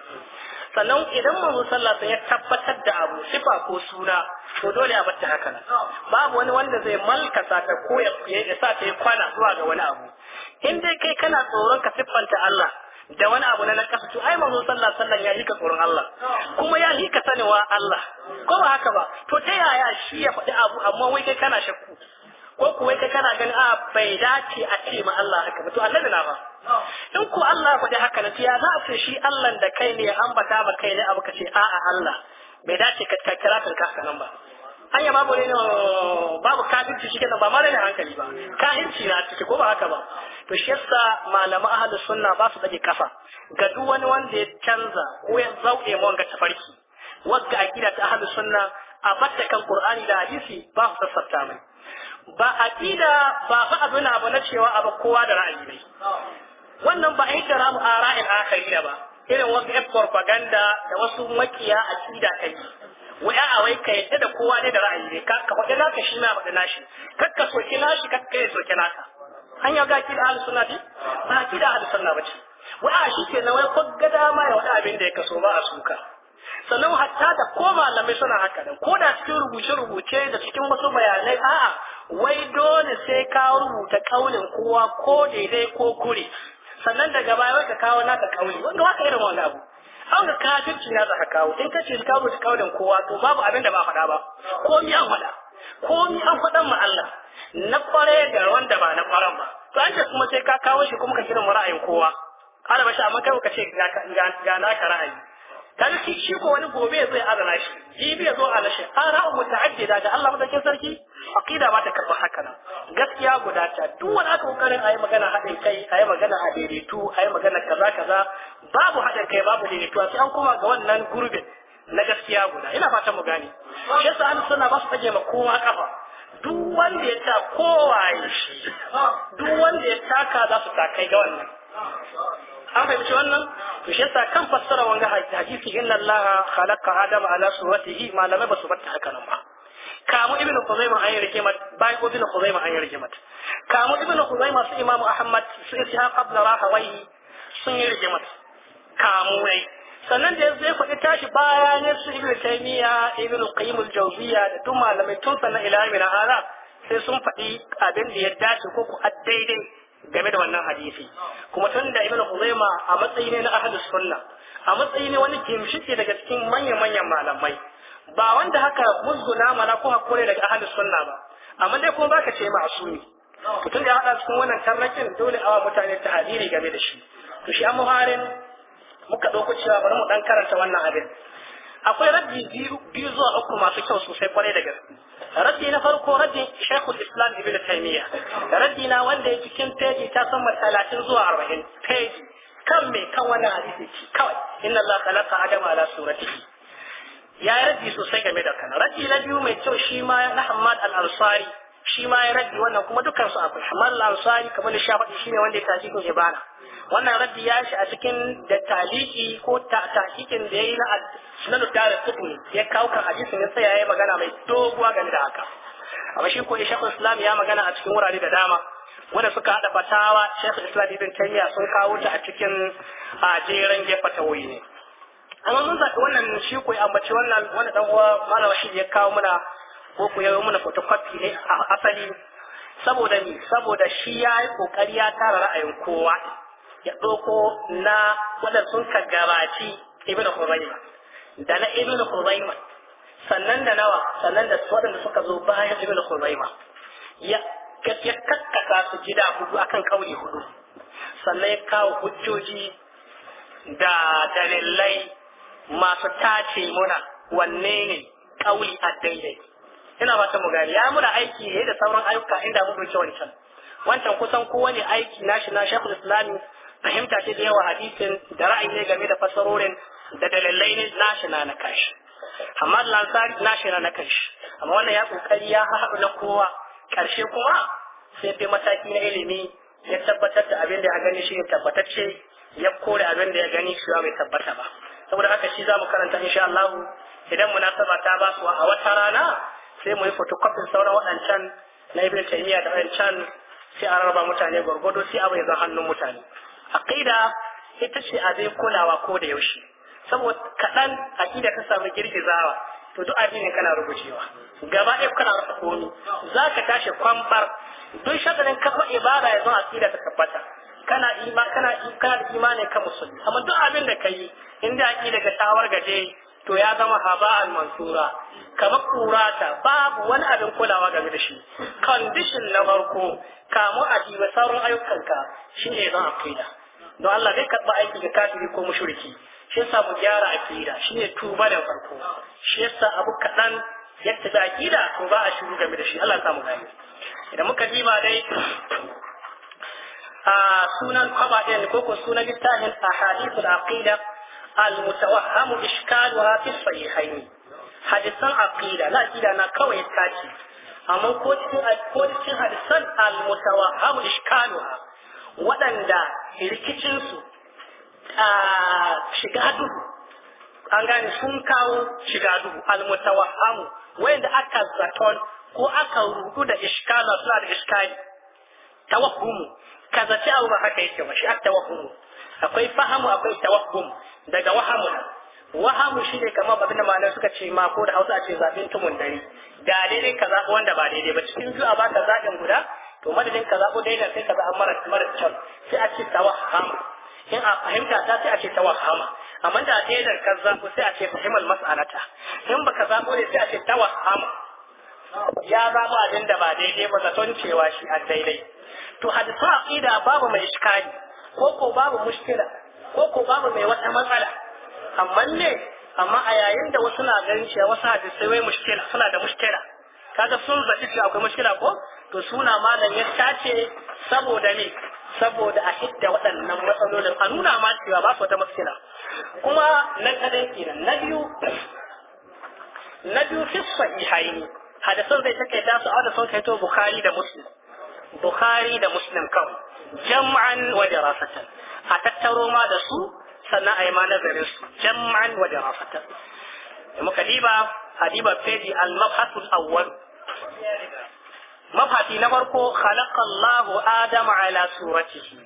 sannan idan manzo sallallahu alaihi ya tabbatar da abu siffa ko suna to dole a bar ta haka babu wani wanda zai malkasa ta ko ya sa ta yi kwana zuwa ga wani abu in dai kai kana tsoron ka siffanta Allah da wani abu na nakasa to ai manzo sallallahu alaihi wasallam ya hika tsoron Allah kuma ya ka sanewa Allah ko ba haka ba to ta yaya shi ya faɗi abu amma wai kai kana shakku ko kuwa ka kana ganin a ah, bai dace a ce ma Allah haka ba to annabi na ba in ko Allah faɗi haka na ya za a shi Allah da kai ne ya ambata ba kai ne abu ka ce a'a Allah bai dace ka kira kan ka nan ba hanya babu ne babu kafirci shi kenan ba ma ne hankali ba kafirci na ciki ko ba haka ba to shi yasa malama ahlus sunna ba su dage kafa ga duk wani wanda ya canza ko ya zauke mu ga tafarki wanda akida ta ahlus sunna a fatta kan qur'ani da hadisi ba su sassafta mai ba aqida ba fa abin abu na cewa abu kowa da ra'ayi ne wannan ba a yi a ra'ayin ara'in da ba irin wasu yan propaganda da wasu makiya aqida kai waya a wai ka yadda da kowa ne da ra'ayi ne ka ka faɗi naka shi ma faɗi nashi kakka soki nashi kakka ya soki naka an ga ki da ahlus sunna bi ba ki da ahlus sunna bace a shi ke na wai ko ga ma ya wada abin da ya kaso ba a suka sannan hatta da ko malamai suna haka da ko da cikin rubuce-rubuce da cikin wasu bayanai a'a wai dole sai ka rubuta kaunin kowa ko daidai ko kure sannan daga baya wai ka kawo naka kauni wanda waka irin wani abu an ga kafirci na za ka kawo in ka ce ka rubuta kaunin kowa to babu abin da ba faɗa ba ko mi an faɗa ko mi an faɗan ma Allah na kware da wanda ba na kwaran ba to an ce kuma sai ka kawo shi kuma ka kiran ra'ayin kowa ana bashi amma kai ka ce ga naka ra'ayi kalki shi ko wani gobe zai adana shi jibi bai zo a nashi ara un muta'addida da Allah madaukin sarki aqida ba ta karba haka nan gaskiya guda ta duk wani aka kokarin ayi magana hadin kai ayi magana a daidaitu ayi magana kaza kaza babu hadin kai babu daidaitu sai an koma ga wannan gurbin na gaskiya guda ina fatan mu gane shi yasa an suna ba su tage ma kowa kafa duk wanda ya ta kowa shi duk wanda ya taka za su takai ga wannan an fahimci wannan to shi yasa kan fassara wanga hadisi inna allaha khalaqa adama ala suratihi malamai ba su batta haka nan ba kamu ibnu khuzaimah an yarke mat bai ibnu khuzaimah an yarke mat kamu ibnu khuzaimah su imamu ahmad su ishaq ibn rahawai sun yarke mat kamu wai sannan da zai faɗi tashi bayanin su ibnu taymiya ibnu qayyim al-jawziyya da duk malamai tun sannan ila yawmin hada sai sun faɗi abin da ya dace ko ku daidai game da wannan hadisi kuma tun da ibn Khuzaima a matsayi ne na ahlus sunna a matsayi ne wani kimshike daga cikin manyan manyan malamai ba wanda haka muzguna mana ko hakuri daga ahlus sunna ba amma dai kuma baka ce ma'asumi tun da ya hada cikin wannan tarrakin dole awa mutane ta hadiri game da shi to shi an harin muka dauko cewa bari mu dan karanta wannan abin akwai raddi biyu biyu zuwa uku masu kyau sosai kwarai da gaske raddi na farko raddi shekul islam ibn taymiya raddi na wanda ya cikin peji ta sama talatin zuwa arba'in peji kan mai kan wani hadisi kawai inna allah khalaqa adama ala suratihi ya yi raddi sosai game da kan raddi na biyu mai kyau shi ma na hamad al-ansari shi ma ya raddi wannan kuma dukkan su akwai hamad al-ansari kamar da shi ne wanda ya tashi kun ibana wannan raddi ya shi a cikin da taliki ko tahkikin da ya yayi na sunan dare kutuni ya kawo kan hadisin ya tsaya ya magana mai doguwa game da haka amma shi ko shekul islam ya magana a cikin wurare da dama wanda suka hada fatawa shekul islam ibn taymiya sun kawo ta a cikin a jeren gefa tawoyi ne amma mun zaɓi wannan shi ko ambaci wannan wanda dan uwa malam shi ya kawo muna ko ku yawo muna photocopy ne a asali saboda saboda shi ya yi kokari ya tara ra'ayin kowa ya ɗauko na waɗanda sun ka gabaci ibn Khuzaima da na ibn Khuzaima sannan da nawa sannan da waɗanda suka zo bayan ibn Khuzaima ya ya kakkasa su gida hudu akan kauli hudu sannan ya kawo hujjoji da dalilai masu tace muna wanne ne kauli a daidai ina ba mu gani ya muna aiki ne da sauran ayyuka inda mun ɗauki wancan wancan kusan kowane aiki na shi na shekul islami fahimta ce da yawa hadisin da ra'ayi ne game da fasarorin da dalilai ne nashi na na kashi amma lansari nashi na na kashi amma wannan ya kokari ya haɗu na kowa karshe kuma sai fi mataki na ilimi ya tabbatar da abin da ya gani shi tabbatacce ya kore abin da ya gani shi bai tabbata ba saboda haka shi za mu karanta insha Allah idan munasaba ta ba su a wata rana sai mu yi photocopy sauran waɗancan na ibn taymiya da waɗancan sai a raba mutane gwargwado sai abu ya zan hannun mutane aqida ita ce a abin kulawa ko da yaushe saboda kaɗan aqida ta samu girgizawa to duk abin kana rubucewa gaba ɗaya kana rasa komi za ka tashi kwambar duk shagalin kafa ibada ya zama aqida ta tabbata kana ima kana kana da imani ka musulmi amma duk abin da kai inda aqida ka tawar gaje to ya zama haba'an mansura kamar kurata babu wani abin kulawa game da shi condition na farko kamu a saurin ayyukan ka shine zan aqida don Allah bai karɓa aiki ga kafiri ko mushriki shi yasa mu gyara aqida shine tuba da farko shi yasa abu kaɗan yadda da aqida ko ba a shiru game da shi Allah ya samu gani idan muka diba dai a sunan kwaba ɗin ko ko sunan littafin ahadithul aqida المتوهم إشكالها fi sahihaini hadisan aqida la aqida na kawai ya tashi amma ko cikin ko hadisan al-mutawahham ishkaluha waɗanda rikicinsu a shiga duhu an gane sun kawo shiga duhu almutawahamu wanda aka zaton ko aka rudu da iskala suna da iskali tawahumu ka zaci abu ba yake ba shi a akwai fahamu akwai tawahhum daga wahamu wahamu shi ne kamar babin da malamai suka ce ma ko da hausa ce zaɓin tumun dare ga daidai ka zaɓi wanda ba daidai ba cikin biyu a baka zaɓin guda to madadin ka zaɓo daidai sai ka zaɓa mara mara kyau sai a ce tawahama in a fahimta ta sai a ce tawahama amma da daidai ka zaɓo sai a ce fahimal mas'alata in baka zaɓo ne sai a ce tawahama ya zaɓo abin da ba daidai ba zaton cewa shi a daidai to hadisa aqida babu mai iskari ko ko babu mushkila ko ko babu mai wata matsala amma ne amma a yayin da wasu na ganin cewa wasu hadisai wai mushkila suna da mushkila kaga sulba ita akwai mushkila ko to suna malam ya tace saboda ne saboda a hidda waɗannan matsalolin a nuna ma cewa ba su wata mushkila kuma na kadai kenan na biyu na biyu fi sahihaini hadisan zai take ta su da sun kai to bukhari da muslim bukhari da muslim kan jam'an wa dirasatan a tattaro ma da su sannan a yi ma nazarin su jam'an wa dirasatan muka diba hadiba fedi al-mabhasul awwal mabhati na farko khalaqa Allah Adam ala suratihi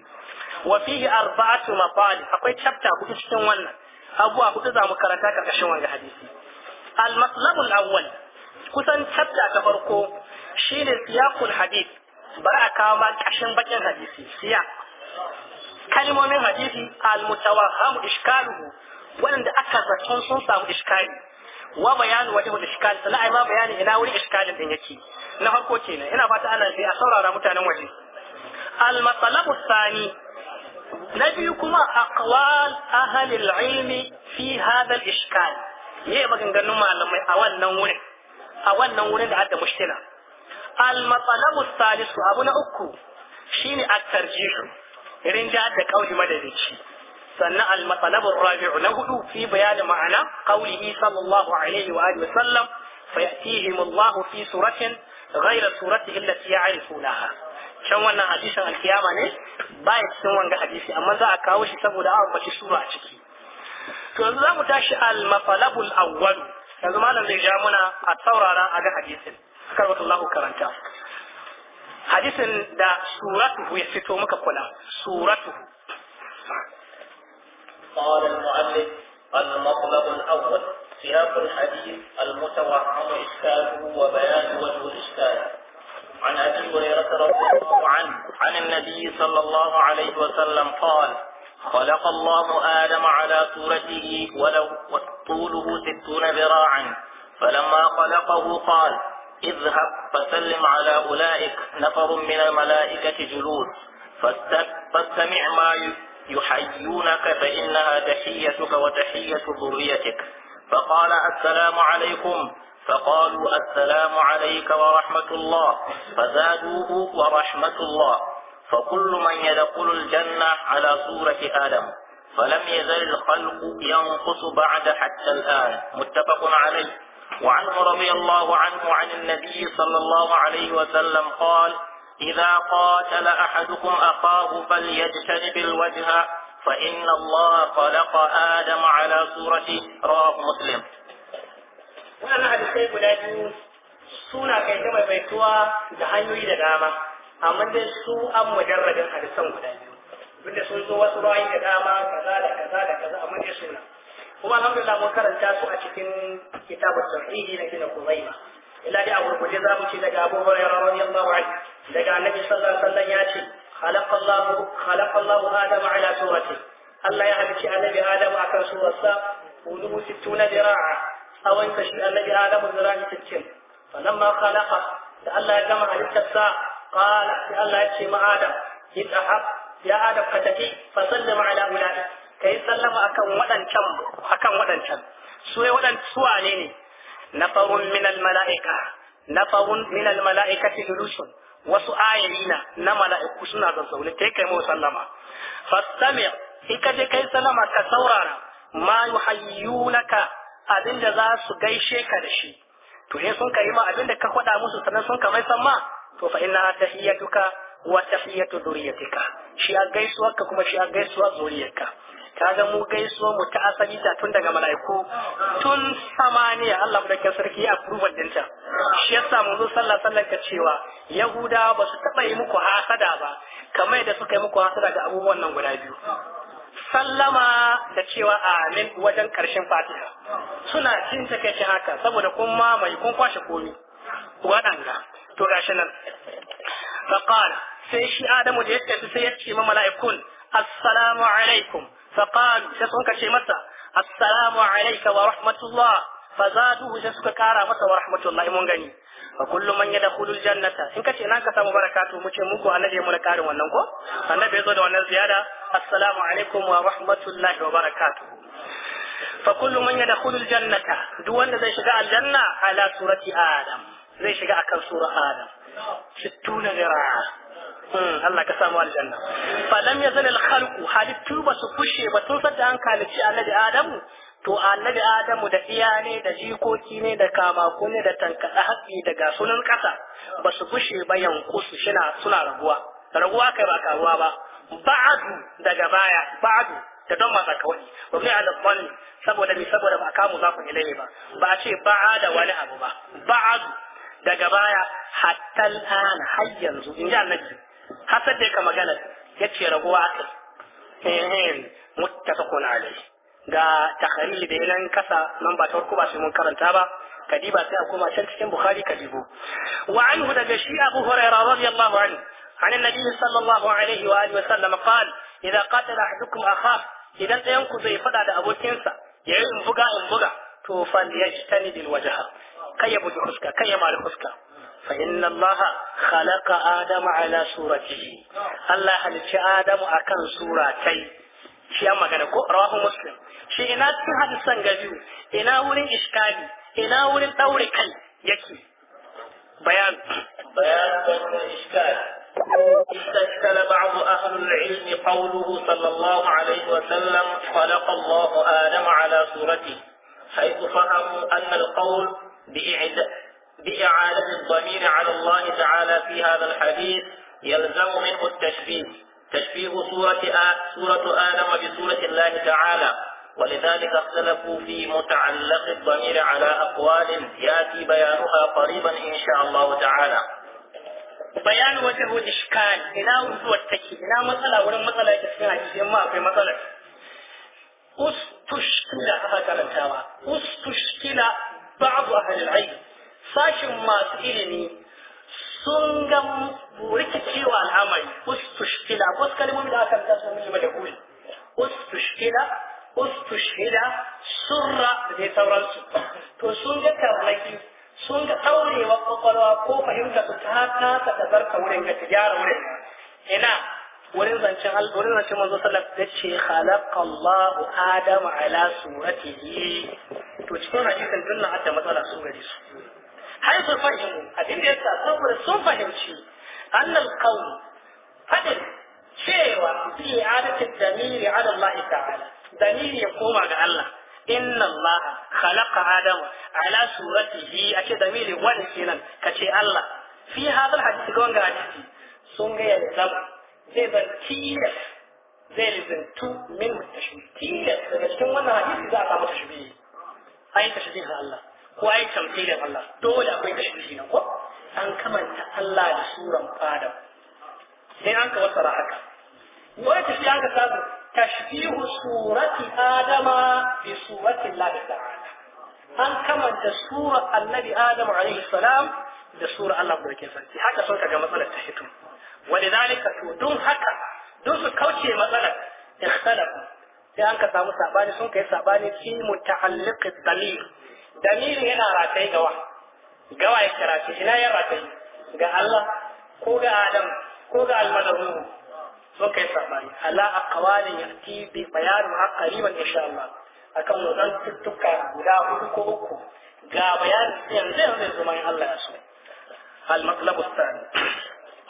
wa fihi arba'atu maqal akwai chapter hudu cikin wannan abuwa hudu zamu karanta karkashin wannan hadisi al-matlab al kusan chapter ta farko shine siyaqul hadith bar a kawo ma kashin bakin hadisi siya hadisi al-mutawahham wanda aka zaton sun samu iskali wa bayanu wajhul iskal sannan ai ma bayani ina wuri iskalin din yake na farko kenan ina fata ana sai a saurara mutanen waje al masalabu thani na biyu kuma aqwal ahli al ilmi fi hada al iskal ne maganganun malamai a wannan wurin a wannan wurin da hadda mushkila al masalabu thalisu abu na uku shine at tarjih rinja da kauli madadici sannan al rabi'u na hudu fi bayani ma'ana qawlihi sallallahu alaihi wa alihi wasallam fayatihim Allah fi suratin ghayra suratihi allati ya'rifunaha can wannan hadisin alkiyama ne ba cikin wanga hadisi amma za a kawo shi saboda an bace sura a ciki to yanzu za mu tashi al-matalabul awwal yanzu malam zai ja muna a saurara a ga hadisin karbatullahu karanta hadisin da suratuhu ya fito muka kula suratuhu قال المعلم المطلب الأول سياق الحديث المتوهم إشكاله وبيان وجه الإشكال عن أبي هريرة رضي الله عنه عن النبي صلى الله عليه وسلم قال خلق الله آدم على صورته ولو طوله ستون ذراعا فلما خلقه قال اذهب فسلم على أولئك نفر من الملائكة جلوس فاستمع ما يحيونك فإنها تحيتك وتحية ذريتك فقال السلام عليكم فقالوا السلام عليك ورحمة الله فزادوه ورحمة الله فكل من يدخل الجنة على صورة آدم فلم يزل الخلق ينقص بعد حتى الآن متفق عليه وعنه رضي الله عنه عن النبي صلى الله عليه وسلم قال إذا قاتل أحدكم أخاه فليجتنب الوجه فإن الله خلق آدم على صورته رواه مسلم wannan hadisai guda biyu suna kai ta maimaituwa da hanyoyi da dama amma dai su an mujarradin hadisan guda biyu duk da sun zo wasu ruwayi da dama kaza da kaza da kaza amma dai suna kuma alhamdulillah mun karanta su a cikin kitabut tauhidi na kina kuzaima illa dai a gurguje za mu ci daga Abu Hurairah radiyallahu anhu daga annabi sallallahu alaihi wasallam yace خلق الله خلق الله آدم على صورته الله يعلمك أن النبي آدم أكثر صورته ونبو ستون ذراعا أو أن تشير أن النبي آدم ذراعا ستين فلما خلق الله جمع لك الساعة قال الله يكشي مع آدم يتحب يا آدم قتكي فسلم على أولادك كي سلم أكم ودن كم أكم ودن كم سوى ودن سوى عليني نفر من الملائكة نفر من الملائكة جلوس wasu ayayina na mala'iku suna zazzaune kai kai mu sallama fastami in ka je kai sallama ka saurara ma yuhayyunaka abinda za su gaishe ka da shi to in sun kai ma abinda ka faɗa musu sannan sun kamai sama? to fa inna tahiyyatuka wa tahiyyatu dhurriyyatika shi a gaisuwarka kuma shi a gaisuwar zuriyarka ga mu gaisuwa mu ta asali ta tun daga mala'iku tun samaniya Allah mu ke sarki a kurban dinta shi yasa mu zo sallah sallah ka cewa yahuda ba su taba yi muku hasada ba kamar da suka yi muku hasada ga abubuwan nan guda biyu sallama da cewa amin wajen karshen fatiha suna cin takaici haka saboda kun mai kun kwashe komi waɗanga to gashi nan faqala sai shi adamu da ya sai ya ce ma mala'ikun assalamu alaikum فقالوا سسوك شمسا السلام عليك ورحمة الله فزادوه سسوك كارا مسا ورحمة الله منغني فكل من يدخل الجنة إن كتي ناك سامو بركاته مكي موكو أنا دي مولا كارو وننكو أنا بيزود وانا زيادة السلام عليكم ورحمة الله وبركاته فكل من يدخل الجنة دوان زي شجاع الجنة على سورة آدم زي شجاع كان سورة آدم ستون ذراعا Hmm, Allah ka samu aljanna fa lam yazal al khalqu halittu ba su kushe ba tun sadda an kalici annabi adamu to annabi adamu da iya ne da jikoki ne da kamaku ne da tankada haƙi daga sunan ƙasa ba su kushe ba yankusu shina suna raguwa raguwa kai ba karuwa ba ba'adu daga baya ba'adu da don masa kawai wa bi ala saboda mi saboda ba kamu za ku ilai ba ba a ce da wani abu ba ba'adu daga baya hatta al'ana har yanzu in ji annabi حسد ديكا قالت يتشي رغو عصر هين متفق عليه غا تخليل دينا كسا من باتور كوبا سيمون كارن تابا كديبا سيأكوما سنتين بخاري كديبو وعنه دا أبو هريرة رضي الله عنه عن النبي صلى الله عليه وآله وسلم قال إذا قاتل أحدكم أخاف إذا أنت ينكو زي فدا أبو تنسى يعي بقاء انفقا توفى ليجتني دي الوجهة كي يبدو خسكا كي فإن الله خلق آدم على صورته الله خلق آدم أكن صورتي شيئا ما كان رواه مسلم شيئا إنا في هذا السنجاجو إنا ولن إشكالي إنا ولن دوري كي يكي بيان بيان إشكال استشكل بعض أهل العلم قوله صلى الله عليه وسلم خلق الله آدم على صورته حيث فهموا أن القول بإعداد بإعادة الضمير على الله تعالى في هذا الحديث يلزم منه التشبيه تشبيه سورة آه سورة آدم بسورة الله تعالى ولذلك اختلفوا في متعلق الضمير على أقوال يأتي بيانها قريبا إن شاء الله تعالى بيان وجه الإشكال إلى وجه التشبيه إلى مسألة ولا مسألة إسماعيل ما في مسألة استشكل الكلام استشكل بعض أهل العلم sashin masu ilimi sun ga rikicewa al'amari ustushkila wasu kalmomi da aka rika sun mulmi da kuli ustushkila ustushkila surra da dai sauransu to sun ga karnaki sun ga ɗaurewa kwakwalwa ko fahimta su ta kasa ta zarta wurin ga gyara wurin ina wurin zancen wurin zancen manzo sallallahu alaihi wasallam yace khalaqallahu adama ala suratihi to cikin hadisin dunna adda matsala su gare su haifu fahimu abin da saboda sun fahimci annal qawli fadin cewa damiri ala Allah ta'ala damiri ya koma ga Allah inna Allah khalaqa adama ala suratihi ake damiri wani kenan kace Allah fi hadal hadisi ga wanga hadisi sun ga yadda zai zan tilas zai min tilas daga cikin wannan hadisi za a samu Allah ko ai tamthilin Allah dole akwai tashbihi nan ko an kamanta Allah da suran Adam sai an ka wasara haka wai tashi aka samu tashbihu surati Adama bi surati Allah ta'ala an kamanta surar annabi Adam alaihi salam da surar Allah barkin sarki haka sun kaga matsalar ta hito walidhalika to don haka don su kauce matsalar ikhtalafu sai an ka samu sabani sun kai sabani fi muta'alliqid damir دمير هنا راتي جوا جوا يكراتي هنا يا راتي جا الله كوجا آدم كوجا المدعو وكيف ماري الله أقوال يأتي ببيان مع قريبا إن شاء الله أكمل أن تتكا ولا بكوكو جا بيان ينزل من زمان الله أسمي المطلب الثاني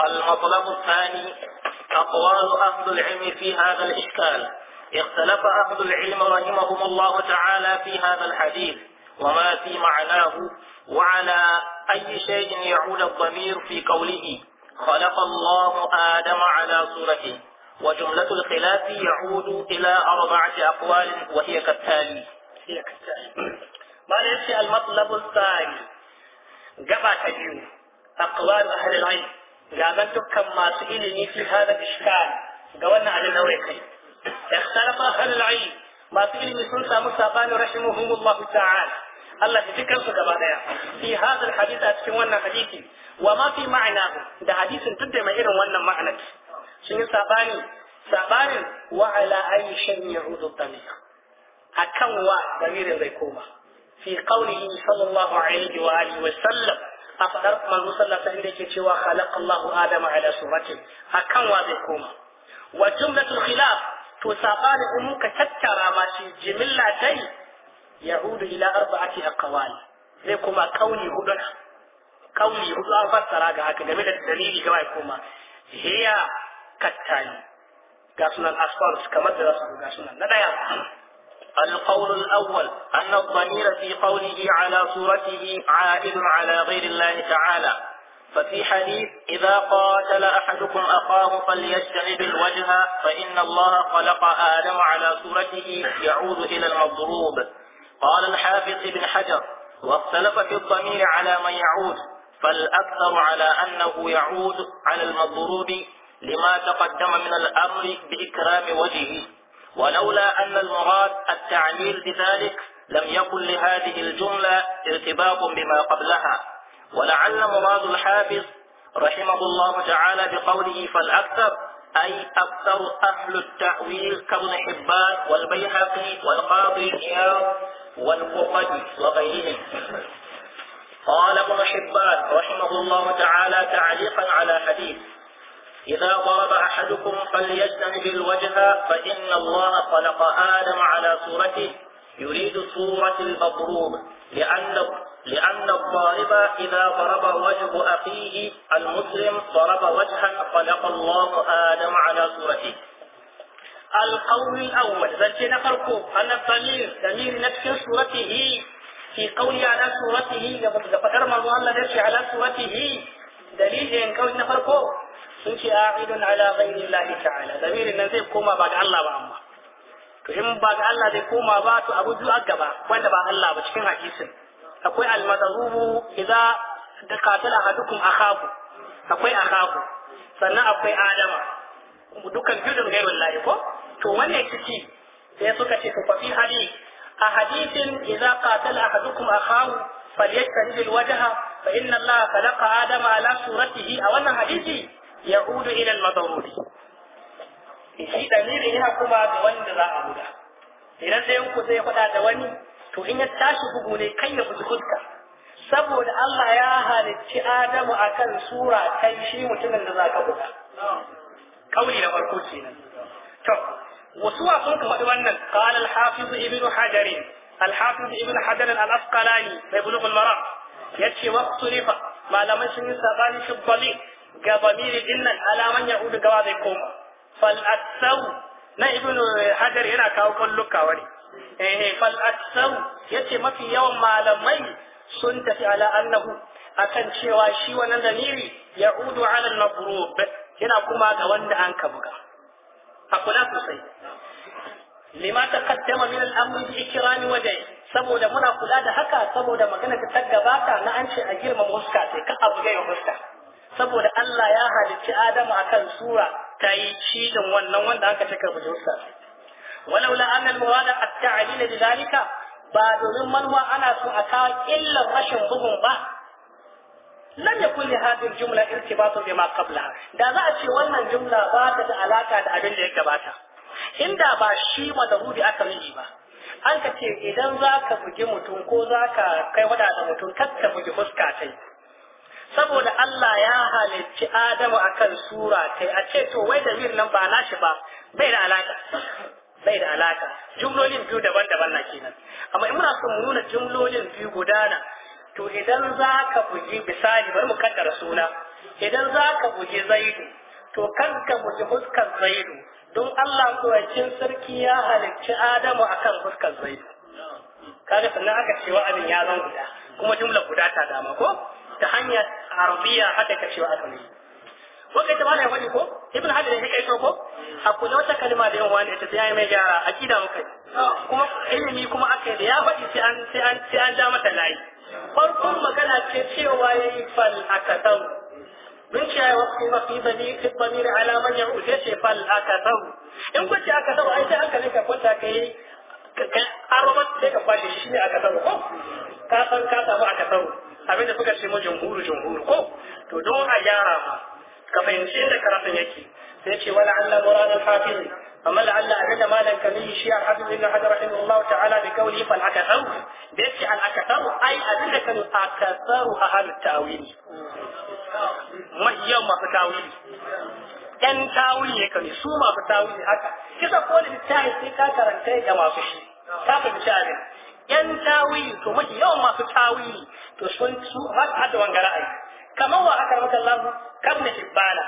المطلب الثاني أقوال أهل العلم في هذا الإشكال اختلف أهل العلم رحمهم الله تعالى في هذا الحديث وما في معناه وعلى أي شيء يعول الضمير في قوله خلق الله آدم على صورته وجملة الخلاف يعود إلى أربعة أقوال وهي كالتالي هي كالتالي ما المطلب الثاني قبع تجيو أقوال أهل العلم قامن تكم ما سئلني في هذا الإشكال قولنا على نوريكي اختلف أهل العلم ما سئلني سلسة مصابان رحمهم الله تعالى Allah ya cikin su gaba daya fi hadal hadith a cikin wannan hadisi wa ma fi ma'ana da hadisin duk da mai irin wannan ma'anar sun yi sabani sabanin wa ala ayi shan ya'udu damir akan wa damirin zai koma fi qawlihi sallallahu alaihi wa alihi wa sallam a fadar manzo sallallahu alaihi da yake cewa khalaqallahu adama ala suratin akan wa zai koma wa jumlatul khilaf to Sabani in muka tattara ma shi jimilla dai يعود إلى أربعة أقوال لكما كوني kauli كوني na kauli hudu an الدليل كما haka game da dalili gaba kuma hiya kattani ga sunan القول الأول أن الضمير في قوله على صورته عائد على غير الله تعالى ففي حديث إذا قاتل أحدكم أخاه فليجتنب الوجه فإن الله خلق آدم على صورته يعود إلى المضروب قال الحافظ بن حجر واختلف في الضمير على من يعود فالأكثر على أنه يعود على المضروب لما تقدم من الأمر بإكرام وجهه ولولا أن المراد التعليل بذلك لم يكن لهذه الجملة ارتباط بما قبلها ولعل مراد الحافظ رحمه الله تعالى بقوله فالأكثر أي أكثر أهل التأويل كابن حبان والبيهقي والقاضي إياه والقرطبي وغيرهم قال ابن حبان رحمه الله تعالى تعليقا على حديث إذا ضرب أحدكم فليجتنب الوجه فإن الله خلق آدم على صورته يريد صورة المضروب لأن لأن الضارب إذا ضرب وجه أخيه المسلم ضرب وجها خلق الله آدم على صورته القول الأول زكي نفرقه أن الضمير ضمير نفس صورته في قولي على صورته فكر ما الله نفسي على صورته دليل إن قول نفرقه سنشي أعيد على غير الله تعالى ضمير نزيب كما بعد الله وأما to in ba ga Allah zai koma ba to abu biyu a gaba wanda ba Allah ba cikin hadisin akwai almadarubu idza da qatala akwai sannan akwai adama dukkan biyu da gairullahi ko to wannan ciki sai suka ce to fafi a hadithin idza qatala ahadukum akhahu falyajtahid alwajha fa inna allaha khalaqa adama ala suratihi a wannan hadisi ya'udu ila al-madruri shi dalilin yana kuma ga wanda za a buga idan sai ku zai faɗa da wani to in ya tashi bugu ne kai ya bugi fuska saboda Allah ya halicci Adamu akan sura kai shi mutumin da za ka buga kauli na farko kenan to wasu wa sun ka faɗi wannan qala al-hafiz ibn hajar al-hafiz ibn hajar al-asqalani bai bulughul maram yace wa surifa malaman sun yi sabani shi bali ga bamiri dinnan alaman yahudu gaba zai koma fal aksar na ibn hajar yana kawo kulluka wani eh fal aksar yace mafi yawan malamai sun tafi ala annahu akan cewa shi wannan zamiri ya'udu ala al-mabrub yana kuma ga wanda an ka a kula sosai lima taqaddama min al-amri bi ikrami wajhi saboda muna kula da haka saboda magana da ta gabata na an ce a girma muska sai ka abu ga muska saboda Allah ya halicci Adamu akan sura ta yi cidin wannan wanda aka cika bu muska walau la anna al-murada at-ta'lil lidhalika ba domin manwa ana so a kawo illar rashin bugun ba lam yakun li hadhihi al-jumla irtibatun bima qablaha da za a ce wannan jumla ba ta da alaka da abin da ya gabata inda ba shi madaruri aka miji ba an ka ce idan za ka bugi mutum ko za ka kai wada da mutum kar ka bugi fuska tai saboda Allah ya halicci Adamu akan sura tai a ce to wai da nan ba nashi ba bai da alaka bai da alaka jumlolin biyu daban-daban na kenan amma in muna son mu nuna jumlolin biyu gudana to idan za ka bugi misali bari mu kaddara suna idan za ka bugi zaidu to kanka mu ji fuskar zaidu don Allah kuwacin sarki ya halicci Adamu akan fuskar zaidu kaga sannan aka cewa abin ya zan guda kuma jumla guda ta dama ko ta hanyar arabiya haka ka cewa abin yi. kai ta bana ya ko ibn hajar ya kai ko a kula wata kalima da yan wani ta yi mai gyara akida kai. kuma ilimi kuma aka yi da ya faɗi sai an ja mata layi farkon magana ce cewa yi fal a akasau dukiya ya wasu ma fi bani fi bani da alaman ya uce ce fal aka sau in kwace aka sau ai sai hankali ka kwanta ka yi aromat sai ka kwashe shi ne aka sau ko ka san ka samu aka sau abinda suka ce mu jumhuru jumhuru ko to don a gyara ka fahimci inda karatun yake sai ce wala Allah muranan hafiz kamar da Allah abinda malam kamili shi a hadu ibn hajar Allah ta'ala bi kauli fal akasaru da yace al akasaru ai abinda kan akasaru a hadu tawili mahiyan masu tawili ɗan tawili ne kan su masu tawili haka kisa ko littafi sai ka karanta da masu shi ka fahimci abin yan tawili to mafi yawan masu tawili to sun su haka hada wanga ra'ayi kamar wa aka rabata Allah kabna hibbana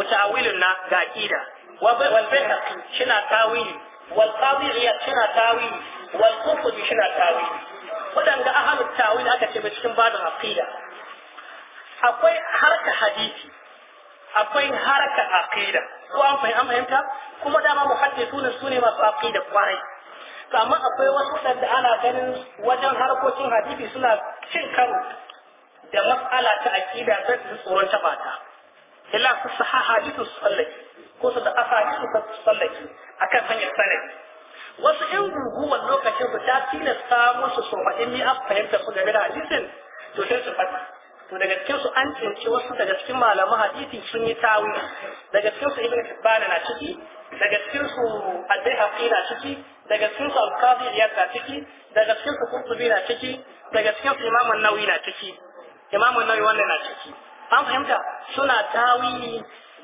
mutawilun na ga aqida والبيهقي شنا تاويل والقاضي عياد شنا تاويل والقفض شنا تاويل wadanda ahalul tawil aka ce cikin babin aqida akwai harka hadisi akwai harka aqida ko an fahimta kuma dama muhaddisuna sune masu عقيدة kwarai Kamar akwai wasu da ana ganin wajen harkokin hadisi suna cin karo da mas'ala ta aqida sai su tsoron ta bata illa su sahaha hadithu sallai hukumar lokacin su ta tilasta musu su faɗi ni a fahimta su game da hadisin to sai su faɗi to daga cikin su an cinci wasu daga cikin malamu hadisi sun yi tawi daga cikin su ibn Hibban na ciki daga cikin su al-Baihaqi na ciki daga cikin su al-Qadi Iyad na ciki daga cikin su Qurtubi na ciki daga cikin su Imam an-Nawawi na ciki Imam an-Nawawi wannan na ciki an fahimta suna tawi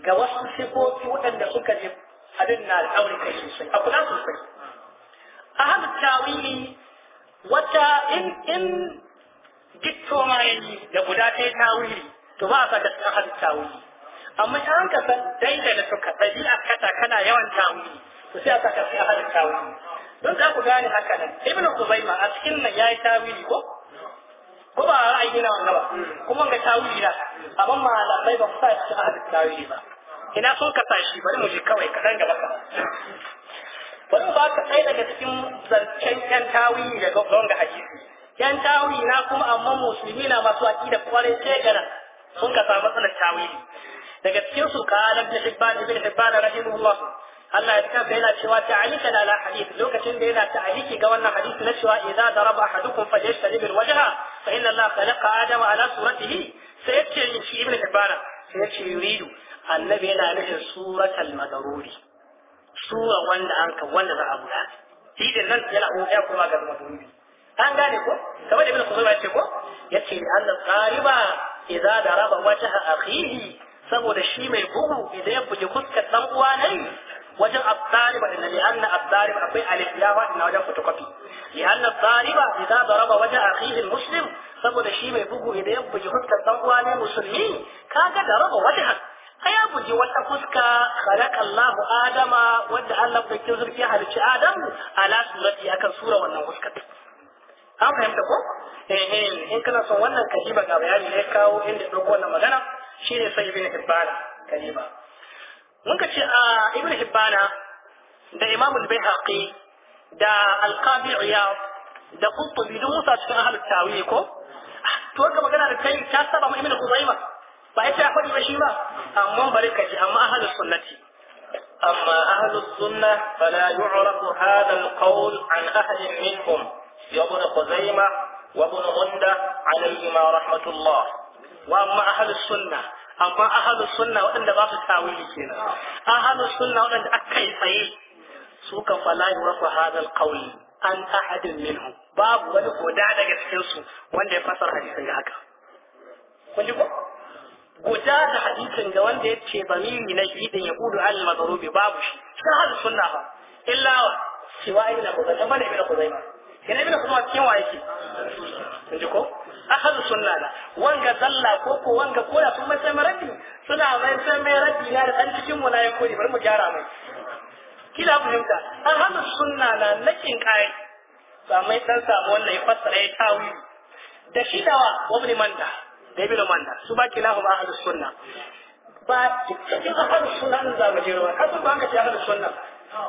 ga wasu sifofi waɗanda suka je abin na alƙawari kai sosai a kula sosai ahmad tawili wata in in gitto ma yayi da guda ta yi tawili to ba a saka ahmad tawili amma in ka san daidai da suka dabi'a kata kana yawan tawili to sai a saka sai ahmad tawili don za ku gane haka nan ibn kuzaima a cikin nan yayi tawili ko ko ba ra'ayi na wannan ba kuma ga tawili na amma malamai ba su sa shi ahmad ba ina sun kasa shi bari mu ji kawai kaɗan gaba ka bari ba ka ɗaya daga cikin zancen yan ne daga ga hadisi yan tawili na kuma amma musulmi na masu da kwarai sai garan sun ka samu matsalar tawili daga cikin su kala ibn hibban ibn da rahimahullah Allah ya tsaka yana cewa ta'alika da hadith lokacin da yana ta aiki ga wannan hadisi na cewa idza daraba ahadukum falyashtalib alwajha fa inna Allah khalaqa adama ala suratihi sai yace shi ibn hibban sai yace yuridu annabi yana nufin suratul madaruri sura wanda an ka wanda za a guda shi da nan yana ya kuma ga mutum an gane ko kamar da ibn Khuzaimah ya ce ko yace Allah qariba idza daraba wajha akhihi saboda shi mai bugu idan ya buge fuskar dan uwa ne wajen abdariba din ne anna abdariba akwai alif ya wa na wajen photocopy li anna abdariba idza daraba wajha akhihi muslim saboda shi mai bugu idan ya buge fuskar dan uwa ne musulmi kaga daraba wajha mu ji wata fuska khalaqa Allahu Adama wanda Allah bai zurfi halicci Adamu ala surati akan sura wannan fuska. an fahimta ko eh eh in kana son wannan kaliba ga bayani ne kawo inda dauko wannan magana shine sai ibn hibbana kaliba mun ka ce a ibn hibbana da imam al-baihaqi da al-qadi iyad da qutbi duk musa cikin ahlul tawili ko ah, to ka magana da kai ta saba mu ibn khuzaimah ba ya ta faɗi ba shi ba amma bari ka ji amma ahlus sunnati amma ahlus sunna fala yu'rafu hadha al-qawl an ahadin minhum ibn khuzaima wa ibn munda alayhima rahmatullah wa amma ahlus sunna amma ahlus sunna waɗanda ba su tawili kenan ahlus sunna waɗanda aka yi tsaye su kan fala yu'rafu hadha al-qawl an ahadin minhum babu wani guda daga cikin su wanda ya fasar hadisin da haka kun ji ko guda da hadisin ga wanda ya ce yace zamiri na shidin ya kudu al bai babu shi sai hal sunna fa illa siwa ibn khuzaimah bane ibn khuzaimah yana ibn khuzaimah cikin waye ke inji ko ahadu sunna da wanga zalla ko ko wanga koya sun mai sai maradi suna mai sai mai raddi na da dan cikin mu na ya kodi bari mu gyara mai kila fahimta ahadu sunna na nakin kai ba mai dan samu wannan ya fassara ya tawi da shi dawa wabni manta. da ibn manda su ba kilahu ba ahlus sunna ba cikin ahlus sunna an zama jiro ba kasan ba ka ci ahlus sunna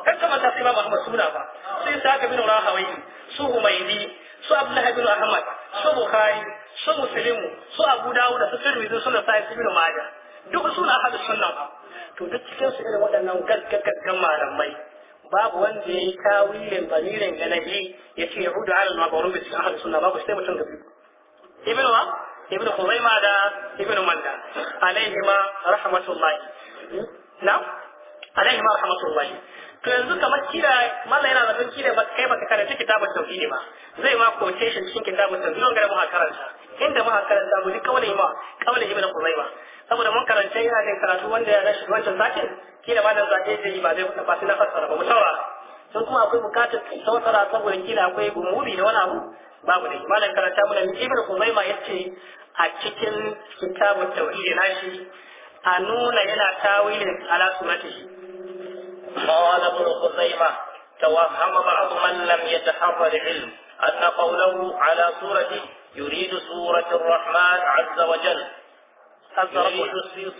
kan kama ta sai Muhammad suna ba sai sa ka bin rahawai su humaidi su abdullah bin ahmad su bukhari su muslimu su abu dawud su tirmidhi su nasai ibn majah duk suna ahlus sunna ba to duk cikin su irin waɗannan gaggagaggan malamai babu wanda ya yi tawilin bamirin ganahi ya ce yahudu ala al-mabarun bi ahlus sunna babu sai mutum gabi. biyu ibn wa ibn Khuzaima da ibn Manda alaihima rahmatullahi na alaihima rahmatullahi to yanzu kamar kira malla yana zaton kira ba kai baka karanta kitabun tauhidi ba zai ma quotation cikin kitabun tauhidi wanda muka karanta inda muka karanta mu duk kaulai ma kaulai ibn Khuzaima saboda mun karanta yana da karatu wanda ya rashi wancan zakin kila malam zaje zai ba zai ba sai na fassara ba mu sun kuma akwai bukatar sautara saboda kila akwai gumuri da wani abu babu ne malam karanta mu da ibn Khuzaima yace a cikin kitabun tauhidi nashi a nuna yana tawilin ala sunatihi qala ibn khuzaimah توهم بعض من لم يتحرى العلم أن قوله على سورته يريد سورة الرحمن عز وجل يريد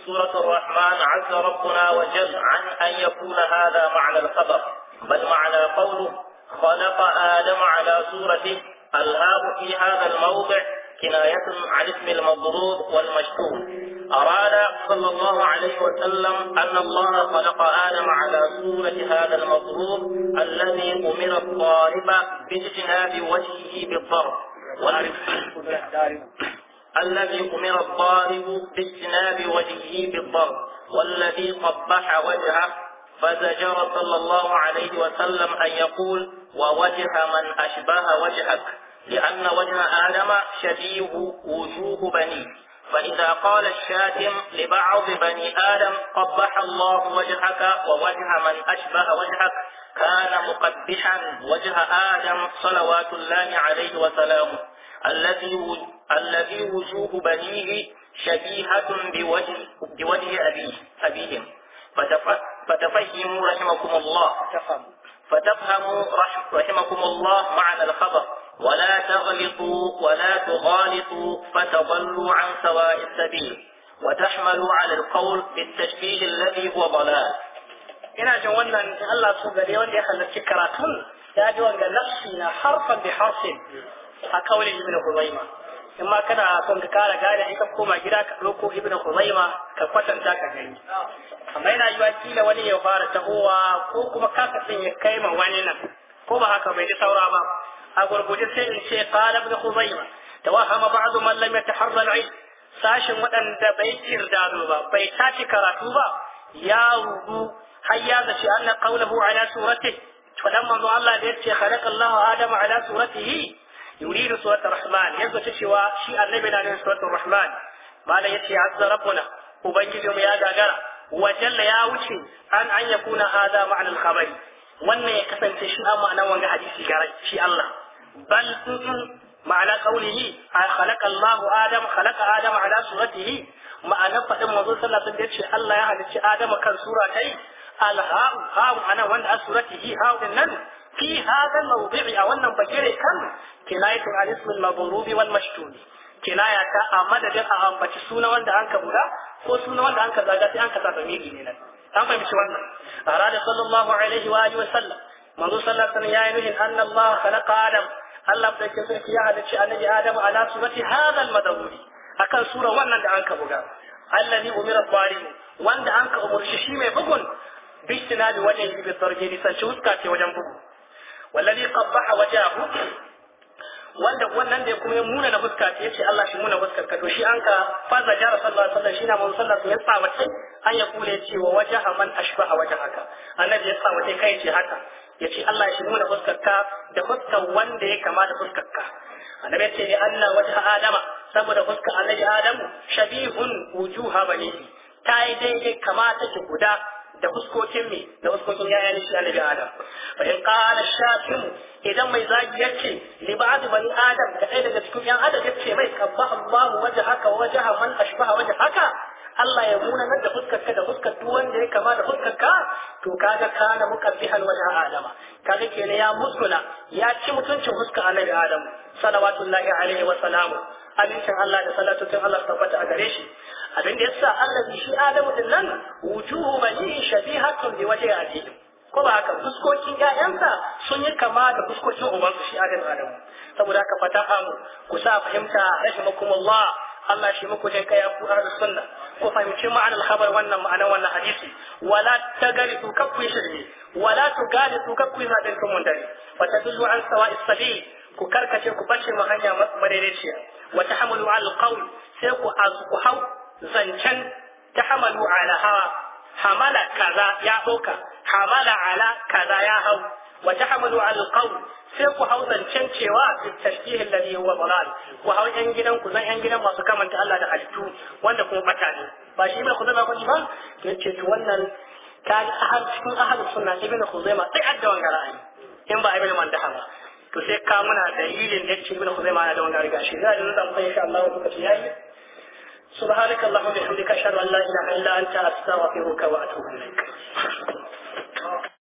سورة الرحمن عز ربنا وجل عن أن يكون هذا معنى الخبر بل معنى قوله خلق آدم على سورته ألهاه في هذا الموضع كناية عن اسم المضروب والمشتوم أراد صلى الله عليه وسلم أن الله خلق آدم على صورة هذا المضروب الذي أمر الضارب باجتناب وجهه بالضرب الذي أمر الضارب باجتناب وجهه بالضرب والذي قبح وجهه فزجر صلى الله عليه وسلم أن يقول ووجه من أشبه وجهك لأن وجه آدم شبيه وجوه بنيه فإذا قال الشاتم لبعض بني آدم قبح الله وجهك ووجه من أشبه وجهك كان مقبحا وجه آدم صلوات الله عليه وسلامه الذي الذي وجوه بنيه شبيهة بوجه بوجه أبيه أبيهم فتفهموا رحمكم الله فتفهموا رحمكم الله معنى الخبر ولا تغلطوا ولا تغالطوا فتضلوا عن سواء السبيل وتحملوا على القول بالتشبيه الذي هو ضلال ina jin wannan in Allah su gare wanda ya halarci karatun ya ji wanga nafsi na harfan bi harfin a kaulin ibn Khuzaima in ma kana son ka kara gane in ka koma gida ka ɗauko ibn Khuzaima ka kwatanta ka gani amma yana yiwa kila wani ya fara tahowa ko kuma ya kai ma wani haka bai ji saura ابو بوجه سين شيء قال ابن خزيمة توهم بعض من لم يتحرى العيد ساش مدن دبي كردان وبا بيتاش كراتوبا يا وبو هيا ذا أن قوله على سورته فلما ان الله ليت خلق الله آدم على سورته يريد سورة الرحمن يزد تشوى شيء النبي لا سورة الرحمن ما لا عز ربنا وبنجز يوم يا جاجرة وجل يا وشي أن أن يكون هذا معنى الخبر وأن يكون تشوى معنى وأن حديثي كرا شيء الله bal ma'ana qaulihi khalaqa Allahu Adam khalaqa ya halicci Adam kan sura kai alha'u ha'u ana wanda a a a Allah da ke sarki ya halicci annabi Adam ala surati hadal al-madawuri akan sura wannan da an ka buga allazi umira zalim wanda an ka umurshi shi mai bugun bishtina da wajen yi bi sarki ni sai huska ce wajen bugu wallazi qabbaha wajahu wanda wannan da kuma ya muna na fuska ce yace Allah shi muna fuskar ka to shi an ka faza jara sallallahu alaihi wasallam shi na mun sallallahu alaihi ya tsawace an ya kule cewa wajaha man ashbaha wajhaka annabi ya tsawace kai ce haka ya ce Allah ya shigo da fuskarka da fuskar wanda ya kamata da fuskarka annabi ce ne anna wata adama saboda fuskar annabi adamu shabihun wujuha banihi ta yi daidai kama ki guda da fuskokin me da fuskokin yayan shi annabi adam fa in qala shakimu idan mai zagi yace li bani adam da ɗaya daga cikin yan adam yace mai qabba Allahu wajhaka wa wajha man ashbaha haka?" Allah ya munanar da fuskarka da fuskar duk wanda ya kama da ka to kaga kana mukabbihan wajen adama kaga kenan ya muskula ya ci mutuncin fuskar annabi adamu salawatullahi alaihi wa salamu abincin Allah da salatutun Allah tabbata a gare shi abin da yasa Allah shi adamu din nan wujuhu bani shabihatun bi wajhi adamu ko ba haka fuskokin ƴaƴansa sun yi kama da fuskokin ubansu shi adamu adamu saboda haka fata mu ku sa fahimta rahimakumullah Allah shi muku jin kai ya ku sunna ku fahimci ma'anar khabar wannan ma'anar wannan hadisi wala tagalitu kakku shirme wala tugalitu kakku zaɓin kan dare, wata tadullu an sawa'is sabil ku karkace ku bace mu hanya madaidaiciya wata tahamalu al qawl sai ku ku hau zancen tahamalu ala hawa hamala kaza ya ɗauka hamala ala kaza ya hau wa tahmalu al sai ku hau zancen cewa fi tashbihi alladhi huwa dalal ku hau yan gidan ku zan yan gidan masu kamanta Allah da halittu wanda kuma bata ne ba shi ibn khuzaima ba ba yace to wannan ta ahad cikin ahad sunna ibn khuzaima sai adda wanga ra'ayi in ba ibn mandaha ba to sai ka muna dalilin da yace ibn khuzaima da wanga riga shi zai da zan insha Allah lokaci yayi سبحانك اللهم وبحمدك اشهد ان لا اله الا انت استغفرك واتوب اليك